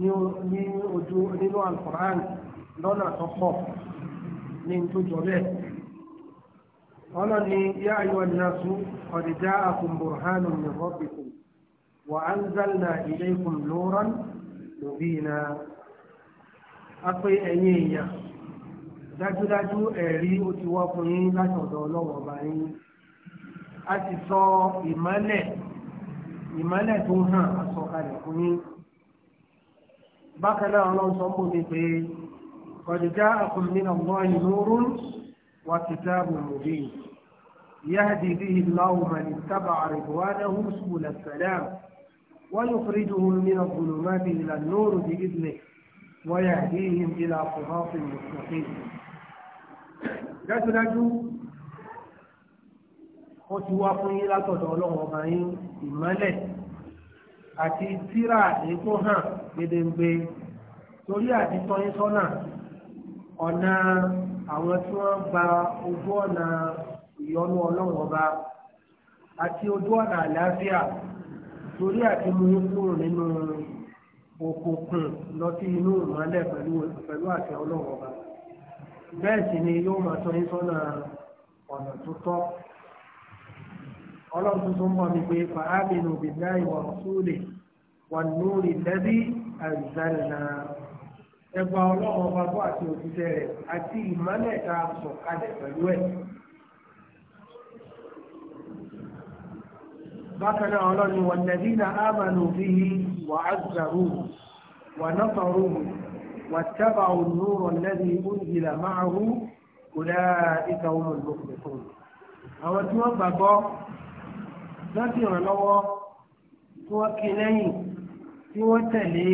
ní ojú nínú àlùkò rán lọ́nà tó pọ̀ ní tó jọ bẹ́ẹ̀ ọlọ́ni yá ayọ̀ nasu ọ̀dìjà àkùnbùrhánù ní rọ́bìkù wà á ń zálà ilé ìkùn lóran lóbi iná. a pé ẹ̀yin èèyàn dájúdájú ẹ̀rí ó ti wá fún yín láti ọ̀dọ̀ ọlọ́wọ́ ọba a ti sọ ìmọ́lẹ̀ ìmọ́lẹ̀ tó hàn àsọkalẹ̀ fún yín. bákan náà ọlọ́run sọ fún mi pé ọ̀dìjà àkùnbùrhánù ní rọ́bìkù. وكتاب مبين يهدي به الله من اتبع رضوانه سبل السلام ويخرجهم من الظلمات إلى النور بإذنه ويهديهم إلى صراط مستقيم dájúdájú ó ti wá fún yín látọ̀dọ̀ ọlọ́run ọba yín ìmọ́lẹ̀ àti tíra èkó hàn gbedengbe torí àti tọ́yín sọ́nà ọ̀nà àwọn tí wọ́n gba ojú ọ̀nà ìyọnu ọlọ́run ọba àti ojú ọ̀nà àlàáfíà torí àti mú kúrò nínú òkùnkùn lọ sí inú ìmọ̀lẹ̀ pẹ̀lú àti ọlọ́run ọba bẹ́ẹ̀ sì ni yóò máa tọ́ yín sọ́nà ọ̀nà tó tọ́ ọlọ́run tó tó ń pé fàábìnrin òbí láì wà sóòlè wà lórí lẹ́bí àìsàn náà ẹ̀bà ọlọ́run ọba bọ́ àti òṣìṣẹ́ rẹ̀ àti ìmọ̀lẹ̀ tá a sọ̀ kalẹ̀ pẹ̀lú ẹ̀. bákan náà ọlọ́run wọn nàbí na ámàlù bíi wà á zàrú wà nàfàrú wà tábà ònúrò lẹ́bi oúnjìlá máa rú kódà ìka ọmọ ìlúkùnkùn. àwọn tí wọ́n gbàgbọ́ lọ́sìn ìrànlọ́wọ́ tí wọ́n kí lẹ́yìn tí wọ́n tẹ̀lé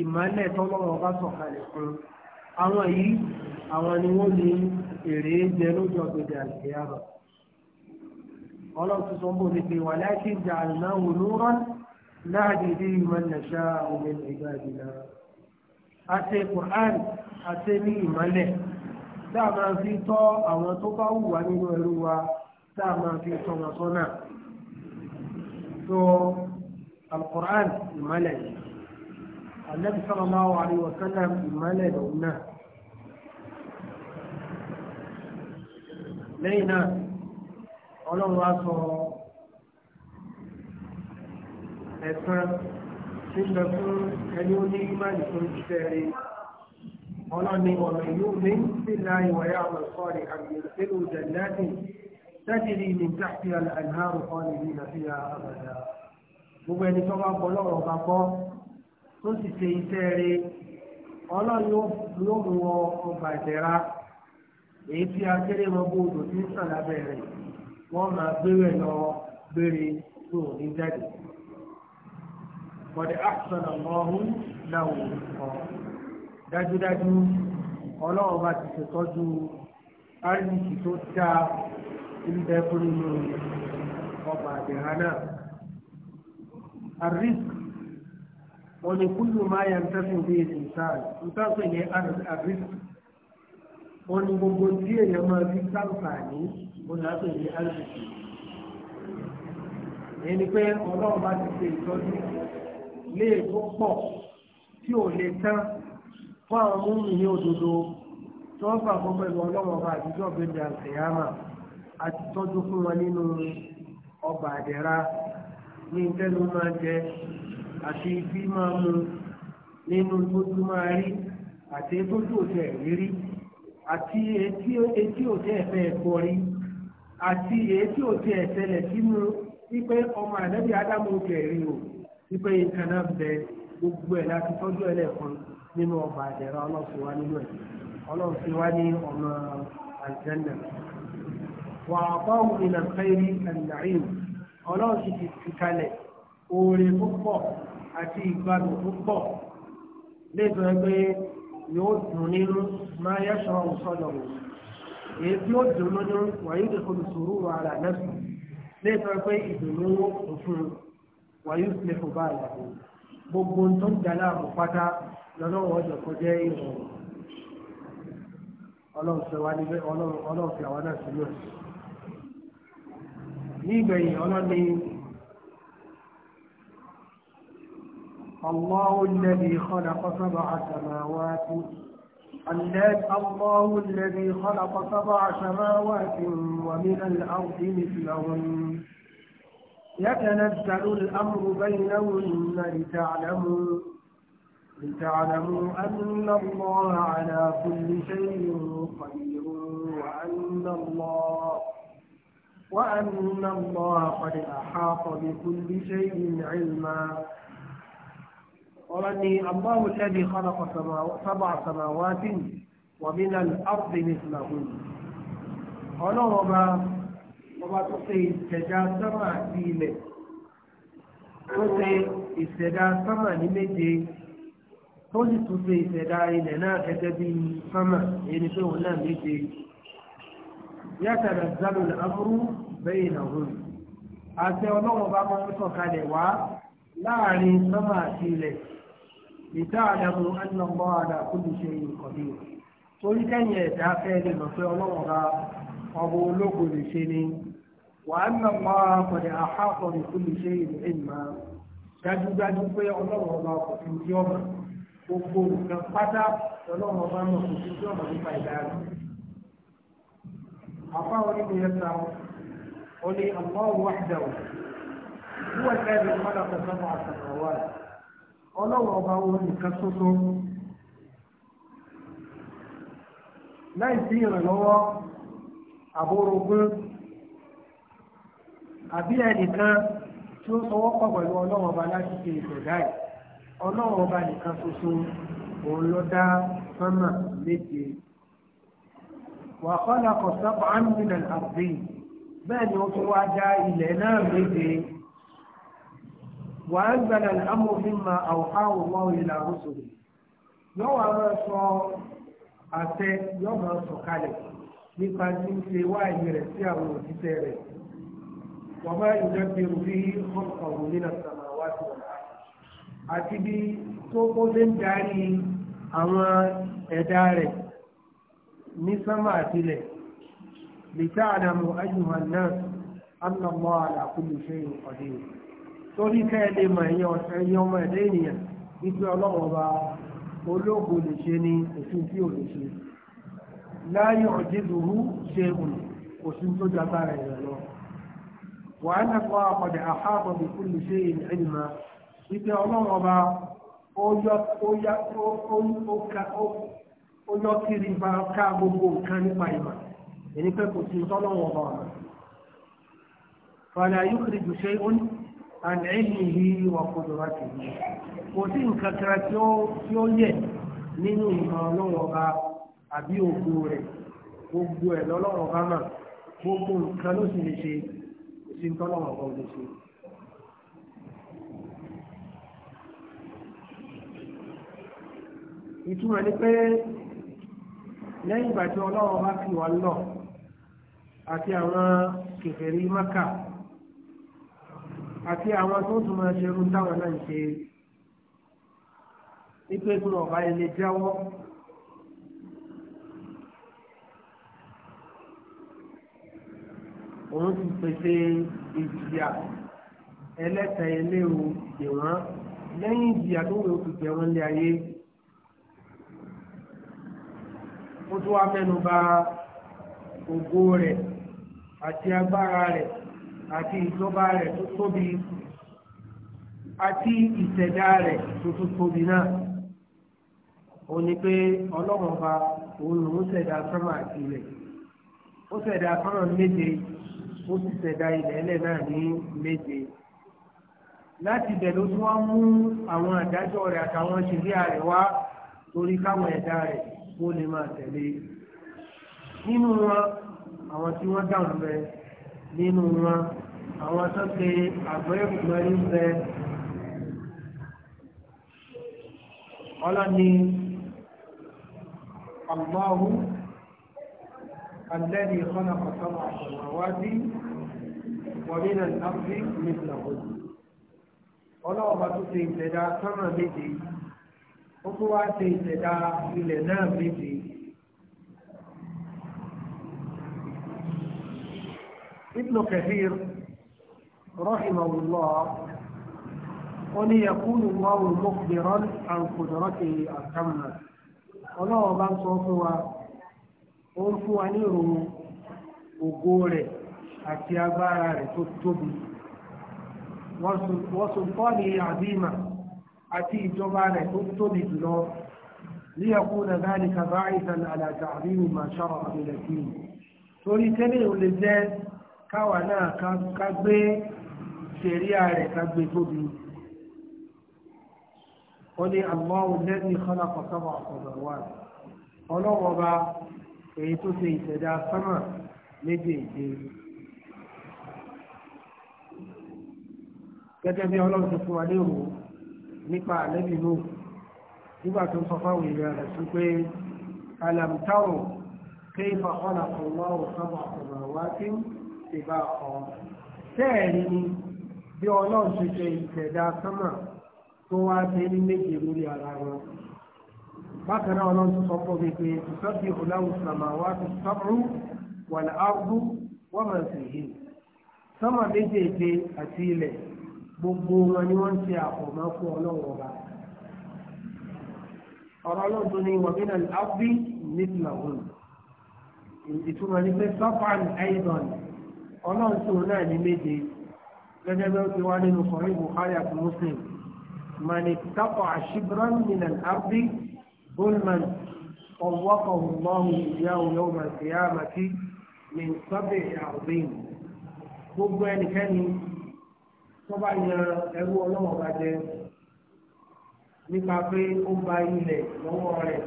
ìmọ̀lẹ̀ tọ́lọ́wọ́ bá sọ̀kalẹ̀ fún àwọn yìí àwọn ni wọ́n ní èrè jẹ lójú ọ̀gbẹ̀dẹ̀ àlùkìyàrọ̀ ọlọ́run tuntun bò ní pé wà láti jà àlùmáwò lóra láàdì bí ìmọ̀lẹ̀ṣà omi ìgbà ìdìlà àti kùránì àti ní ìmọ̀lẹ̀ tá a máa fi tọ́ àwọn tó bá wù wá nínú ẹrú wa tá a máa fi tọ́ wọn sọ́nà. so alukur'an ìmọ̀lẹ̀ ànábì sallallahu alaihi wa sallam ìmọ́lẹ̀ lòun náà. lẹ́yìn náà ọlọ́run wá sọ ẹ̀sán tí ń lọ fún ẹni ó ní ìmáàlì tó ń ṣiṣẹ́ rí ọlọ́ni ọ̀nà ìlú mi ń sílá ìwàyà àwọn ẹ̀kọ́ rẹ̀ àgbẹ̀ ìṣẹ́lú jẹ̀lẹ́tì tẹ́jìrì ní jáde àlàáhùn kan nìyí nàfíà àbàdà gbogbo ẹni tó bá gbọ́ lọ́rọ̀ bá gbọ́ tó sì ṣe iṣẹ́ rẹ ọlọ́run yóò mú ọ ọgbà ìdẹ́ra èyí tí akéré wọn bó odò tí ń sàn lábẹ́ rẹ̀ wọ́n máa gbéwẹ̀ lọ gbére tó ò ní jáde. Bọ̀dé àkùsọ̀nà ọ̀hún làwọn olùkọ́. Dájúdájú ọlọ́run bá ti ṣètọ́jú tó nínú ọgbà wọ́n ní kúlù máa yà ń tẹ́sùn bí èsì sáà ń tẹ́sùn ní àrísì wọ́n ní gbogbo tí èèyàn máa fi sáǹfààní wọ́n ní àtẹ̀sùn ní àrísì. èyí ni pé ọlọ́run bá ti ṣe ìtọ́jú léè tó pọ̀ tí ò lè tán fún àwọn múmi ní òdodo tó ń fàkó pẹ̀lú ọlọ́run ọba àtijọ́ bẹ́ẹ̀ àṣeyámà àti tọ́jú fún wọn nínú ọgbà àdẹ́rà ní ìtẹ́nu máa jẹ àti ibi máa mu nínú tójú máa rí àti tójú òtẹ rírí àti etí òtẹ ẹfẹ ẹkọ rí àti etí òtẹ ẹsẹlẹ sínú wípé ọmọ ànábì ádámù òtẹ rí o wípé nǹkan bẹ gbogbo ẹ láti tọjú ẹlẹkan nínú ọgbà àdẹrà ọlọsùn wa nínú ẹ ọlọsùn wa ní ọmọ àjẹnà wà á bá òun nínú àkàìrí àdìyàrí ọlọsùn ti fi kalẹ oore púpọ. àti ìgbádùn púpọ̀ lẹ́tọ̀ ẹgbẹ́ yóò dùn nínú máa yẹ́sọ̀ ọ̀sọ̀dọ̀ èyí tí ó dùn nínú wàyí lè kọlu sùúrù ara lẹ́sùn lẹ́tọ̀ ẹgbẹ́ ìdùnnú òfin wàyí lè bá gbogbo tó ń jalá kọjá ìrọ̀rùn níbẹ̀ náà sílẹ̀ الله الذي خلق سبع سماوات الله الذي خلق سبع سماوات ومن الأرض مثلهم يتنزل الأمر بينهن لتعلموا لتعلموا أن الله على كل شيء قدير وأن الله وأن الله قد أحاط بكل شيء علما ورني الله الذي خلق سبع سماوات ومن الأرض مثلهن ọlọ́run ọba ọba tó ṣe ìṣẹ̀dá sámà àti ilẹ̀ tó ṣe ìṣẹ̀dá sámà ní méje tó sì tún ṣe ìṣẹ̀dá ilẹ̀ náà gẹ́gẹ́ bí sámà ẹni pé òun náà méje yàtọ̀ àdàlù làbúrú bẹ́ẹ̀ náà hùn àti ọlọ́run ọba máa sọ̀kalẹ̀ wá láàrin sámà àti ilẹ̀. ìtààdàmù ẹnlọ́gbọ́n àdá kúlù ṣe nǹkan bí torí kẹ́yìn ẹ̀dá fẹ́ lè lọ pé ológun lè ṣe ni wàá nà àkọ̀dẹ̀ àhàkọ̀ kúlù ṣe ìlú dájúdájú pé ọlọ́run ọba kò ọmọ gbogbo nǹkan pátá ọlọ́run ọba náà kò ọmọ nípa ìdá rẹ̀. àfa ọlọ́wọ́ ọba wọn nìkan ṣoṣo láì sí ìrànlọ́wọ́ àbórogún àbí ẹnìkan tí ó sọwọ́ pọ̀ pẹ̀lú ọlọ́wọ́ ọba láti ṣe ìṣẹ̀dá ẹ̀ ọlọ́wọ́ ọba nìkan ṣoṣo òun ló dá sánmà méje wàhálà kọ̀ọ̀sán bá ń àbí bẹ́ẹ̀ ni ó tún wá dá ilẹ̀ náà méje. وأنزل الأمر مما أوحاه الله إلى رسله yóò wá máa sọ àtẹ yóò máa sọ kalẹ̀ nípa tí ń ṣe wáyé rẹ̀ sí àwọn òṣìṣẹ́ rẹ̀ wọ́n máa ń jẹ́ bí ọkọ̀ọ̀rọ̀ nínú sàmáwá ti wà àti bí tó kó lé ń darí àwọn ẹ̀dá rẹ̀ ní sámà àtìlẹ̀ lè tá àdàmú ayùhàn náà annàmọ́ àlàkùnlé ṣe ìpàdé rẹ̀ torí ká ẹ lè mọ ẹ̀yìn ẹ̀yìn ọmọ ẹ̀dá ènìyàn wípé ọlọ́run ọba olóògùn lè ṣe ní òfin tí ò lè ṣe láyé ọ̀dẹ́dùrú ṣe hùn òfin tó dábàá rẹ̀ lọ. wàá nàkọ́ àkọ́dẹ̀ àhábọ̀ bí kú lè ṣe ẹ̀yìn ma wípé ọlọ́run ọba ó yọ kiri bá ká gbogbo nǹkan nípa ìmọ̀ èyí pé kò sí tọ́lọ́run ọba ọ̀nà. fàlàyé kiri ṣe ó ní àní ìlìhí wà kòdòrò tì í kò sí nǹkan kan tí ó yẹ nínú ìmọ̀ ọlọ́run ọba àbí òkú rẹ̀ gbogbo ẹ̀ lọ́lọ́run ọba mà gbogbo nǹkan ló sì lè ṣe sí nǹkan lọ́run ọba lè ṣe. ìtumọ̀ ni pé lẹ́yìn ìgbà tí ọlọ́run fi wà lọ àti àwọn kèfèrí Mákà àti àwọn tó tún máa ṣerú táwọn náà ń ṣe ipe tó ọba ilé jáwọ́. òun ti pèsè ìjìyà ẹlẹ́ta eléwu dè wọ́n lẹ́yìn ìjìyà tó wọ́n ti tẹ̀ wọ́n lé ayé. ó tún wá mẹ́nu bà ògo rẹ̀ àti agbára rẹ̀ àti ìjọba rẹ̀ tó tóbi àti ìṣẹ̀dá rẹ̀ tó tó tóbi náà ó ní pé ọlọ́run ọba òun lòún ṣẹ̀dá sánmà àti ilẹ̀ ó ṣẹ̀dá sánmà méje ó sì ṣẹ̀dá ilẹ̀ ẹlẹ̀ náà ní méje láti bẹ̀ ló tún wá mú àwọn àdájọ́ rẹ̀ àtàwọn ṣèlérí rẹ̀ wá torí káwọn ẹ̀dá rẹ̀ kó lè máa tẹ̀lé nínú wọn àwọn tí wọ́n dáhùn bẹ́ẹ̀ nínú wọn àwọn tó pe àgbẹ̀rẹ̀kùnrin ń bẹ ọlọ́ni ọgbọ́hu alẹ́ni ìkọ́nà kọ̀tọ́mọ̀ àtọ̀wáwádí wọlé náà lápí nígbà òjò ọlọ́ọ̀bá tó ṣe ìtẹ̀dá sọ́nà méje ó tún wá ṣe ìtẹ̀dá ilẹ̀ náà méje. ابن كثير رحمه الله أن يكون الله مخبرا عن قدرته التامة ọlọ́wọ́ bá ń sọ fún wa ó ń fún wa ní ìròyìn ògo rẹ̀ àti agbára rẹ̀ tó tóbi wọ́n sùn kọ́ ní àbímà àti ìjọba rẹ̀ tó tóbi jùlọ ní ẹkún nàdáàlì kàbáyìí tàn àlàjà àbímù màṣá ọ̀rọ̀ àbílẹ̀ sí i torí tẹ́lẹ̀ ò lè jẹ́ káwa náà ká gbé ṣẹ̀ríà rẹ̀ ká gbé tóbi. ó ní àmọ́wò lẹ́ni kọ́lá kọ́sọ́mọ́ ọ̀sọ̀rọ̀ wà. ọlọ́wọ́ bá èyí tó ṣe ìṣẹ̀dá sánmà méjèèjì. gẹ́gẹ́ bí ọlọ́run ti fún wa léwu nípa àlẹ́bí nù nígbà tó ń sọ fáwọn èèyàn rẹ̀ sí pé alamtaro kéèfà kọ́lá kọ́lá ọ̀sọ̀rọ̀ wá sí ìbá ọ bẹ́ẹ̀ ni bí ọlọ́run ṣe ṣe ìṣẹ̀dá sánmà tó wá ṣe ní méje lórí ara wọn bákan náà ọlọ́run sọ fún mi pé ìsọ́bí ọ̀làwùn sàmà wá ti sọ́rù wà ní àrùbù wọ́n máa sì yìí sánmà méjèèjì àti ilẹ̀ gbogbo wọn ni wọ́n ṣe àfọ̀mọ́ fún ọlọ́run ọba ọ̀rọ̀ ọlọ́run tó ní wàmínà àbí nípìnlẹ̀ òun ìtumọ̀ ní pé sọ́fà àìdọ̀nì ọlọ́run tó náà ní méje gẹ́gẹ́ bí ó ti wá nínú kọ̀rin buhari àti muslim mani tapọ̀ àṣìbran nínú àbí bólman ọwọ́kọ̀ ọlọ́run ìyáwó yóò máa ṣe yá àmàtí ní sọ́bẹ̀ àrùbíìn gbogbo ẹnikẹ́ni tó bá yan ẹrú ọlọ́run bá jẹ nípa pé ó ba ilẹ̀ lọ́wọ́ rẹ̀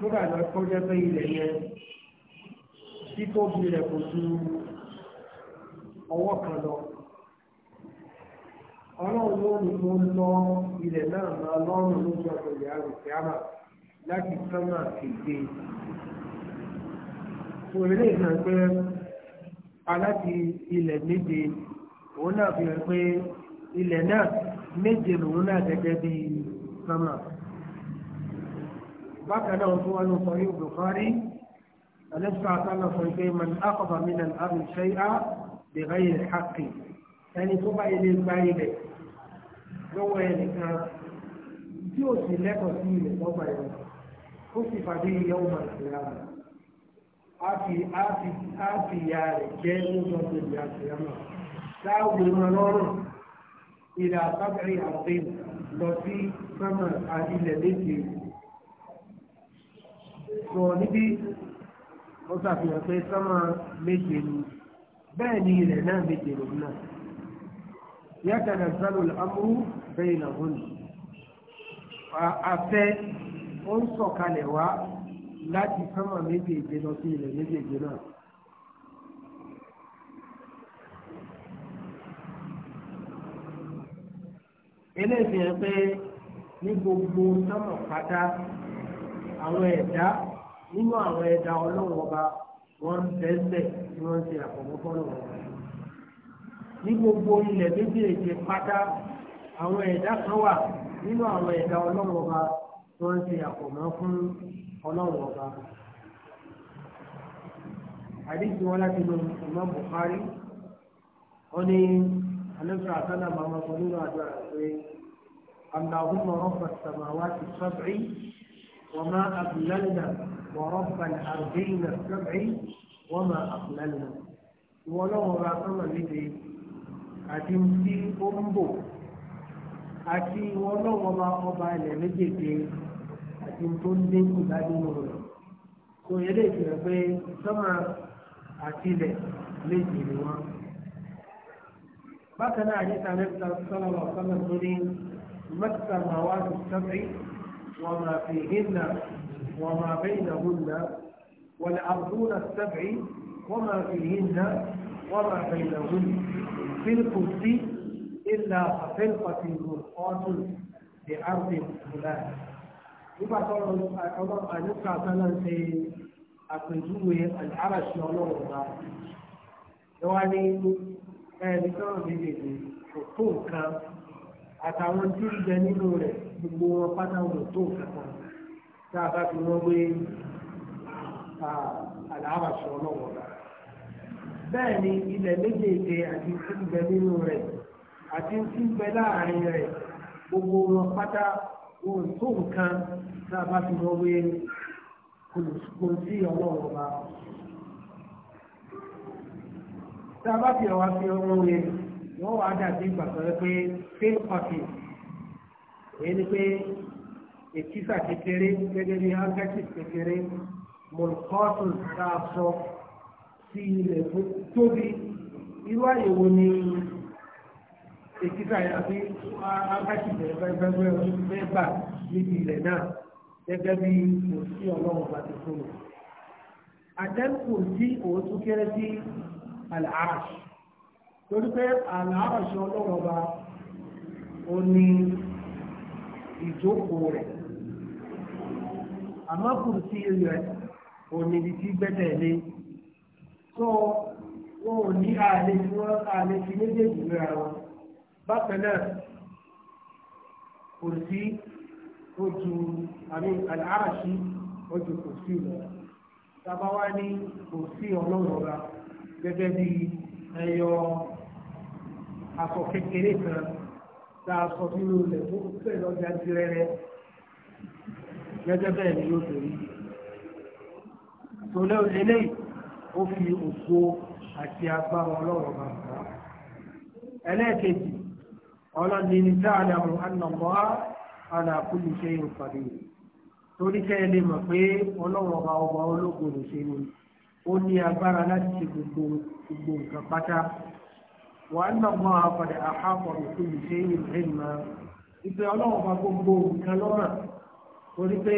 nígbà tó jẹ́ pé ilẹ̀ yẹn títóbi rẹ̀ kò ju ọwọ́ kan lọ ọlọ́run ló ní mo lọ ilẹ̀ náà lọ lọ́rùn lójú ọ̀gbẹ̀rẹ̀ àròkè àmà láti sánmà kéde òrèlè náà pé aláti ilẹ̀ méje òun náà fi hàn pé ilẹ̀ náà méje lòun náà gẹ́gẹ́ bí sánmà bákan náà tó wà sọ yóò bùkárí alẹ́ sọ àtàlọ́ sọ pé man akọ̀bà mi nà àrùn ṣẹ́yà bẹ̀rẹ̀ yẹn hàpì ẹni tó bá ilé gba ilẹ̀ lọ́wọ́ ẹnìkan tí ó sì lẹ́kọ̀ọ́ sí ilẹ̀ lọ́gbà ẹ̀rọ ó sì fàdé ìyá ọmọ ìsìlámù á fi á fi á fi ìyá rẹ̀ jẹ́ lójọ́ tó di àṣìlámù láàbò wọn lọ́rùn ìlà àbábẹ́rẹ́ àti lọ sí sọ́mà àdìlẹ̀ méje sọ níbí ó ṣàfihàn pé sọ́mà méje ni. bẹ́ẹ̀ ni ilẹ̀ náà méje lòun náà yàtàdà sálò amúrú bẹ́ẹ̀ na hó a afẹ́ eléyìí fi pé ní gbogbo pátá àwọn nínú wọ́n ń tẹ́sẹ̀ tí wọ́n ń ṣe àfọ̀mọ́fọ́lọ̀ wọn. ní gbogbo ilẹ̀ méjèèjì pátá àwọn ẹ̀dá kan wà nínú àwọn ẹ̀dá ọlọ́run ọba tí wọ́n ń ṣe àfọ̀mọ́ fún ọlọ́run ọba. àdéhùn wọn láti lo ìmọ̀ bùkárí wọ́n ní àlejò àtàlà màmá sọ nínú àdúrà pé اللهم رب السماوات السبع وما أبللنا ورب الأرضين السبع وما أقللنا ولو راقم لدي أتم في أمبو أتي ولو ما قبال لدي أتم تندين إبادين so eléyìí fi hàn pé sọ́mà àtìlẹ̀ méjì ni wọ́n. bákan náà àyíká nípa sọ́nà wà sọ́nà tó ní mẹ́ta màwá tó sọ́bì wọ́n máa fi náà وما بينهن والأرضون السبع وما فيهن وما بينهن في القدس إلا كخلقة مرقاة بعرض فلان nígbà tọrọ ọlọ àyùká sálà ń ṣe àpèjúwe àláràṣì ọlọ́run ọba ẹ wá ní ẹni tọrọ méjèèjì òtó nǹkan àtàwọn tí ń jẹ nínú rẹ gbogbo wọn pátá wọn òtó nǹkan kan tá a bá fi wọ́n wé àlàáfàṣọ bẹ́ẹ̀ ni ilẹ̀ méjèèjì àti ìbẹ̀ nínú rẹ̀ àti láàrin rẹ̀ gbogbo wọn pátá ohun tó nǹkan tá a bá fi wọ́n wé kò sí ọlọ́wọ́ bá tá a bá fi ọwọ́ fi wọ́n wá dàbí pé èkísà kékeré gẹ́gẹ́ bí handkerchief kékeré mọ̀lùkọ́tù tá a sọ sí ilẹ̀ tó tóbi irú àyẹ̀wò ni èkísà àti handkerchief bẹ́ẹ̀ bá níbi ilẹ̀ náà gẹ́gẹ́ bí kò sí ọlọ́run bá ti fún mi. àtẹ́kù sí òótú kéré sí àlàáràṣì torí pé àlàáràṣì ọlọ́run ọba ó ní ìjókòó rẹ̀ àmọ́ kùrùsí rẹ̀ òní ibi tí gbẹ́dẹ̀ lé tó wọn ò ní àlè tí wọ́n àlè fi méjèèjì rẹ̀ wọn bákan náà kùrùsí ó ju àmì àlàáṣí ó ju kùrùsí lọ tábà wá kùrùsí ọlọ́run ra gẹ́gẹ́ bí ẹyọ aṣọ kékeré kan tá a sọ sínú ilẹ̀ tó fẹ́ lọ́jà dirẹ́rẹ́ gẹ́gẹ́ bẹ́ẹ̀ ni yóò torí. Tòlẹ́ eléyìí ó fi òfo àti agbára ọlọ́run bàbá. Ẹlẹ́ẹ̀kejì ọlọ́ni ní tá a lè mú ànàmọ́ àlàkùnrin ṣe é pàdé. Torí kẹ́ ẹ lè mọ̀ pé ọlọ́run ọba ọba ológun ló ṣe ni. Ó ní agbára láti ṣe gbogbo gbogbo nǹkan pátá. Wàá nà àpàdé àhápọ̀ òkú ìṣe ìrìn mọ́. Ìpè ọlọ́run ọba gbogbo nǹkan lọ́rùn torí pé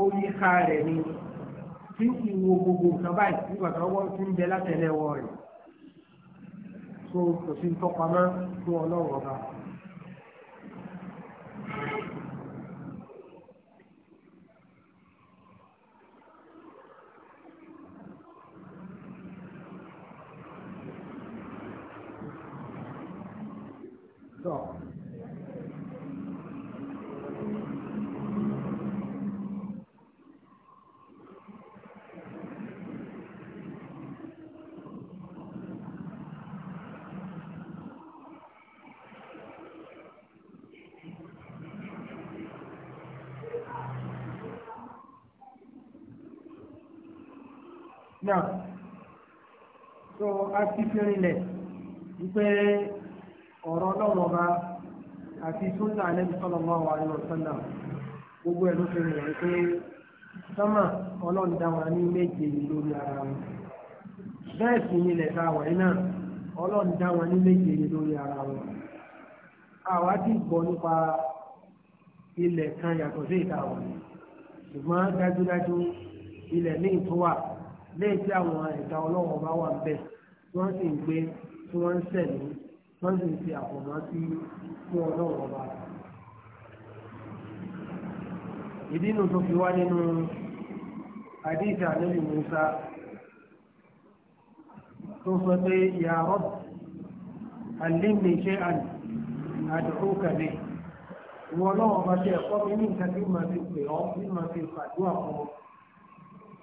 orí ká rẹ̀ ni tí kì í wo gbogbo nǹkan báyìí nígbà tó wọ́n ti ń bẹ látẹ̀lẹ́wọ̀ rẹ̀ so kò sí tọpamọ́ fún ọlọ́run ọba. So. islam tó a ti fi rinlẹ̀ wípé ọ̀rọ̀ ọlọ́run ọba àti sunna alẹ́bí sallallahu alaihi wasallam gbogbo ẹ̀ ló fi wípé sọ́mà ọlọ́run ara wọn bẹ́ẹ̀ sì ni ilẹ̀ ta náà ọlọ́run ara wọn àwa ti gbọ́ nípa ilẹ̀ kan yàtọ̀ sí ìta ṣùgbọ́n dájúdájú ilẹ̀ ní lẹ́yìn tí àwọn ẹ̀dá ọlọ́wọ́ bá wà bẹ́ẹ̀ tí wọ́n sì ń gbé tí wọ́n ń sẹ̀lú tí wọ́n sì ń fi àfọ̀mọ́ sí fún ọlọ́wọ́ bá. ìdí inú tó fi wá nínú àdéhìí ànábì musa tó sọ pé ya Rabb allimni shay'an ad'uka ìwọ ọlọ́wọ́ bá ṣe ẹ̀kọ́ mi ní nǹkan tí màá fi pè ọ́ bí màá fi pàdúrà fún ọ.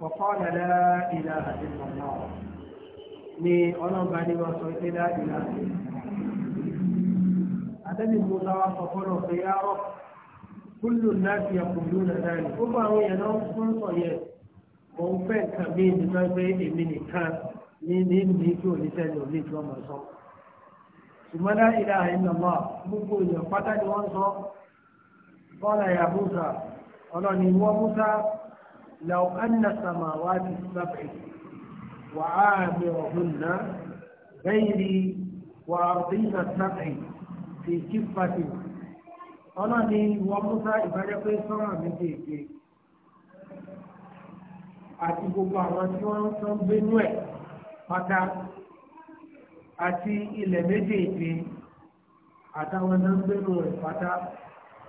وقال لا إله إلا الله ni ọlọ́ba ni wọ́n sọ pé láti láti àtẹ́bí mo láwa sọ fọ́nà pé yárọ̀ kúlù láti àkùnlù nàdá ni ó bá àwọn èèyàn náà fún sọ yẹ mo ń fẹ́ nǹkan bí nígbà pé èmi nìkan ní ní ní kí oníṣẹ́ ní òní tí wọ́n mọ̀ sọ. ṣùgbọ́n lá ilé ni wọ́n sọ لو أن السماوات السبع وعامرهن غيري وأرضين السبع في كفة ọlọ́ni wọ musa ìbájẹ́ pé sọ́ra mi kéèké àti gbogbo àwọn tí wọ́n ń sọ gbénú ẹ̀ pátá àti ilẹ̀ méjèèjì àtàwọn náà ń gbénú ẹ̀ pátá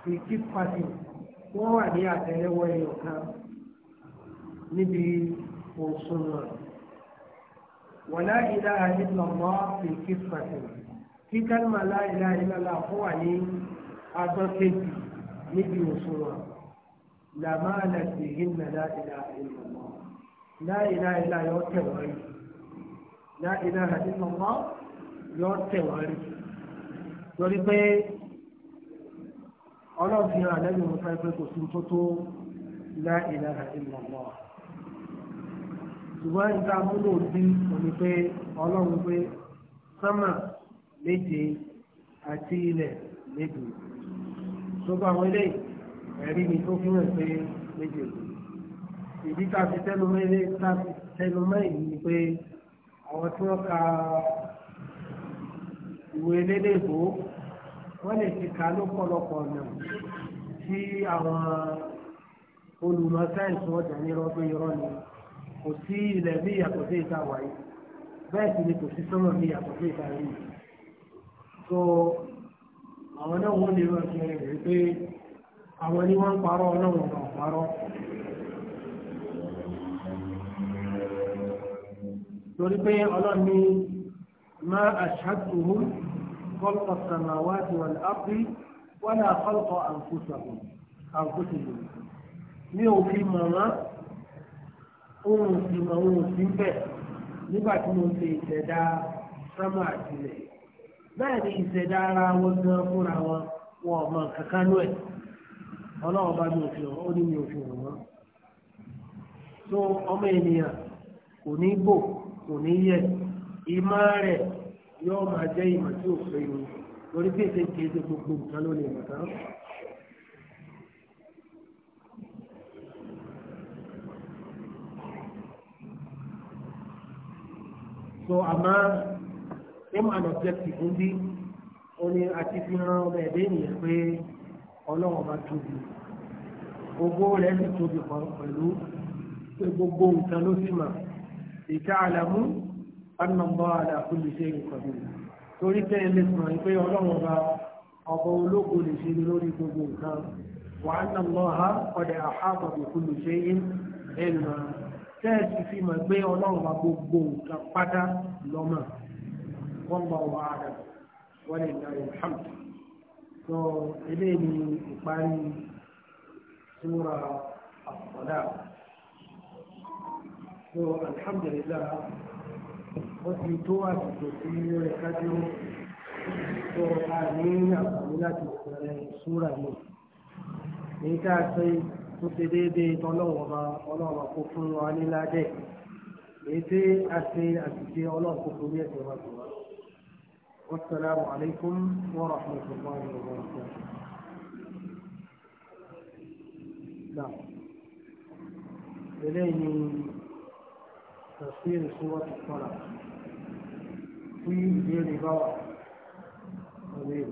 fi kíkpàtì wọ́n wà ní àtẹ̀lẹ́wọ̀ ẹ̀yọ̀ kan níbi òṣùn rẹ̀. wàlá ilaha illallah fi kífàtì kí kálmà lá ilaha illallah fún wa ní adọ́kejì níbi òṣùn rẹ̀. làmá àlàsì yìí nà lá ilaha illallah lá ilaha illallah yóò tẹ̀ wọ́n rí lá ilaha illallah yóò tẹ̀ wọ́n rí lórí pé ọlọ́run fi hàn lẹ́yìn òun pé kò sí tó tó la ilaha illallah ṣùgbọ́n níta múlò dín òní pé ọlọ́run pé sánmà méje àti ilẹ̀ méje tó bá àwọn eléyìí ẹ̀rí ni tó fún ẹ̀ pé méje ìdí tá a fi tẹnu mẹ́lẹ́ tá a fi tẹnu mẹ́yìn ni pé àwọn tí wọ́n ka ìwé elédèbò wọ́n lè ti ka lọ́pọ̀lọpọ̀ ọ̀nà tí àwọn olùmọ̀ sáyẹ̀nsì wọ́n dà ní rọ́gbé irọ́ ni kò sí ilẹ̀ ní ìyàtọ̀ sí ìta wáyé bẹ́ẹ̀ sì ni kò sí sọ́mọ̀ ní ìyàtọ̀ sí ìta yìí so àwọn náà wọ́n lè rán kiri rèé pé àwọn ni wọ́n ń parọ́ ọlọ́run kan parọ́ torí pé ọlọ́run ní ما أشهدتهم خلق السماوات والأرض ولا خلق أنفسهم أنفسهم mi ò fi mọ̀ wọ́n ohun ìmọ̀ ohun ń bẹ́ẹ̀ nígbà tí mo ṣe ìṣẹ̀dá sánmà àtìlẹ̀ bẹ́ẹ̀ ni ìṣẹ̀dá ara wọn gan fúnra wọn wọ ọmọ mọ kankan lóẹ̀ ọlọ́run bá mi ò fi hàn ó ní mi ò fi hàn wọ́n. tó ọmọ ènìyàn kò ní bò kò ní yẹ ìmọ̀ rẹ̀ so àmọ́ aim and objective ń bí ó ní àti fi hàn ọmọ ẹ̀dẹ́ ènìyàn pé ọlọ́run bá tóbi gbogbo rẹ̀ sì tóbi kan pẹ̀lú pé gbogbo nǹkan ló sì mà ìta àlàmú anamọ àlàkù lè ṣe nǹkan mi torí tẹ́ ẹ lè mọ̀ pé ọlọ́run bá ọba ológo lè ṣe lórí gbogbo nǹkan wà á nà lọ́ha ọ̀dẹ̀ àhábọ̀ kò lè ṣe é ẹ̀ nà tẹ́ẹ̀sì fi mọ̀ pé ọlọ́run bá gbogbo nǹkan pátá lọ́mọ wọ́n bá wà á dà wọ́n lè gba ìhàmù tó eléyìí ni ìparí súra àkọ́dá tó alhamdulillah wọ́n ti tó àsìkò sí rẹ̀ kájú tó a ní láti sọ̀rọ̀ súra yìí èyí tá a sọ yìí tó ṣe déédéé tọ́lọ́wọ́ bá ọlọ́run kó fún wa ní ládẹ́ èyí tí a ṣe àṣìṣe ọlọ́run kó fún ní ẹ̀sẹ̀ wa jù wá. wasalaamu alaykum wa rahmatulahi wa barakatuh. نعم إليه تفسير سورة الطلاق في دير بوع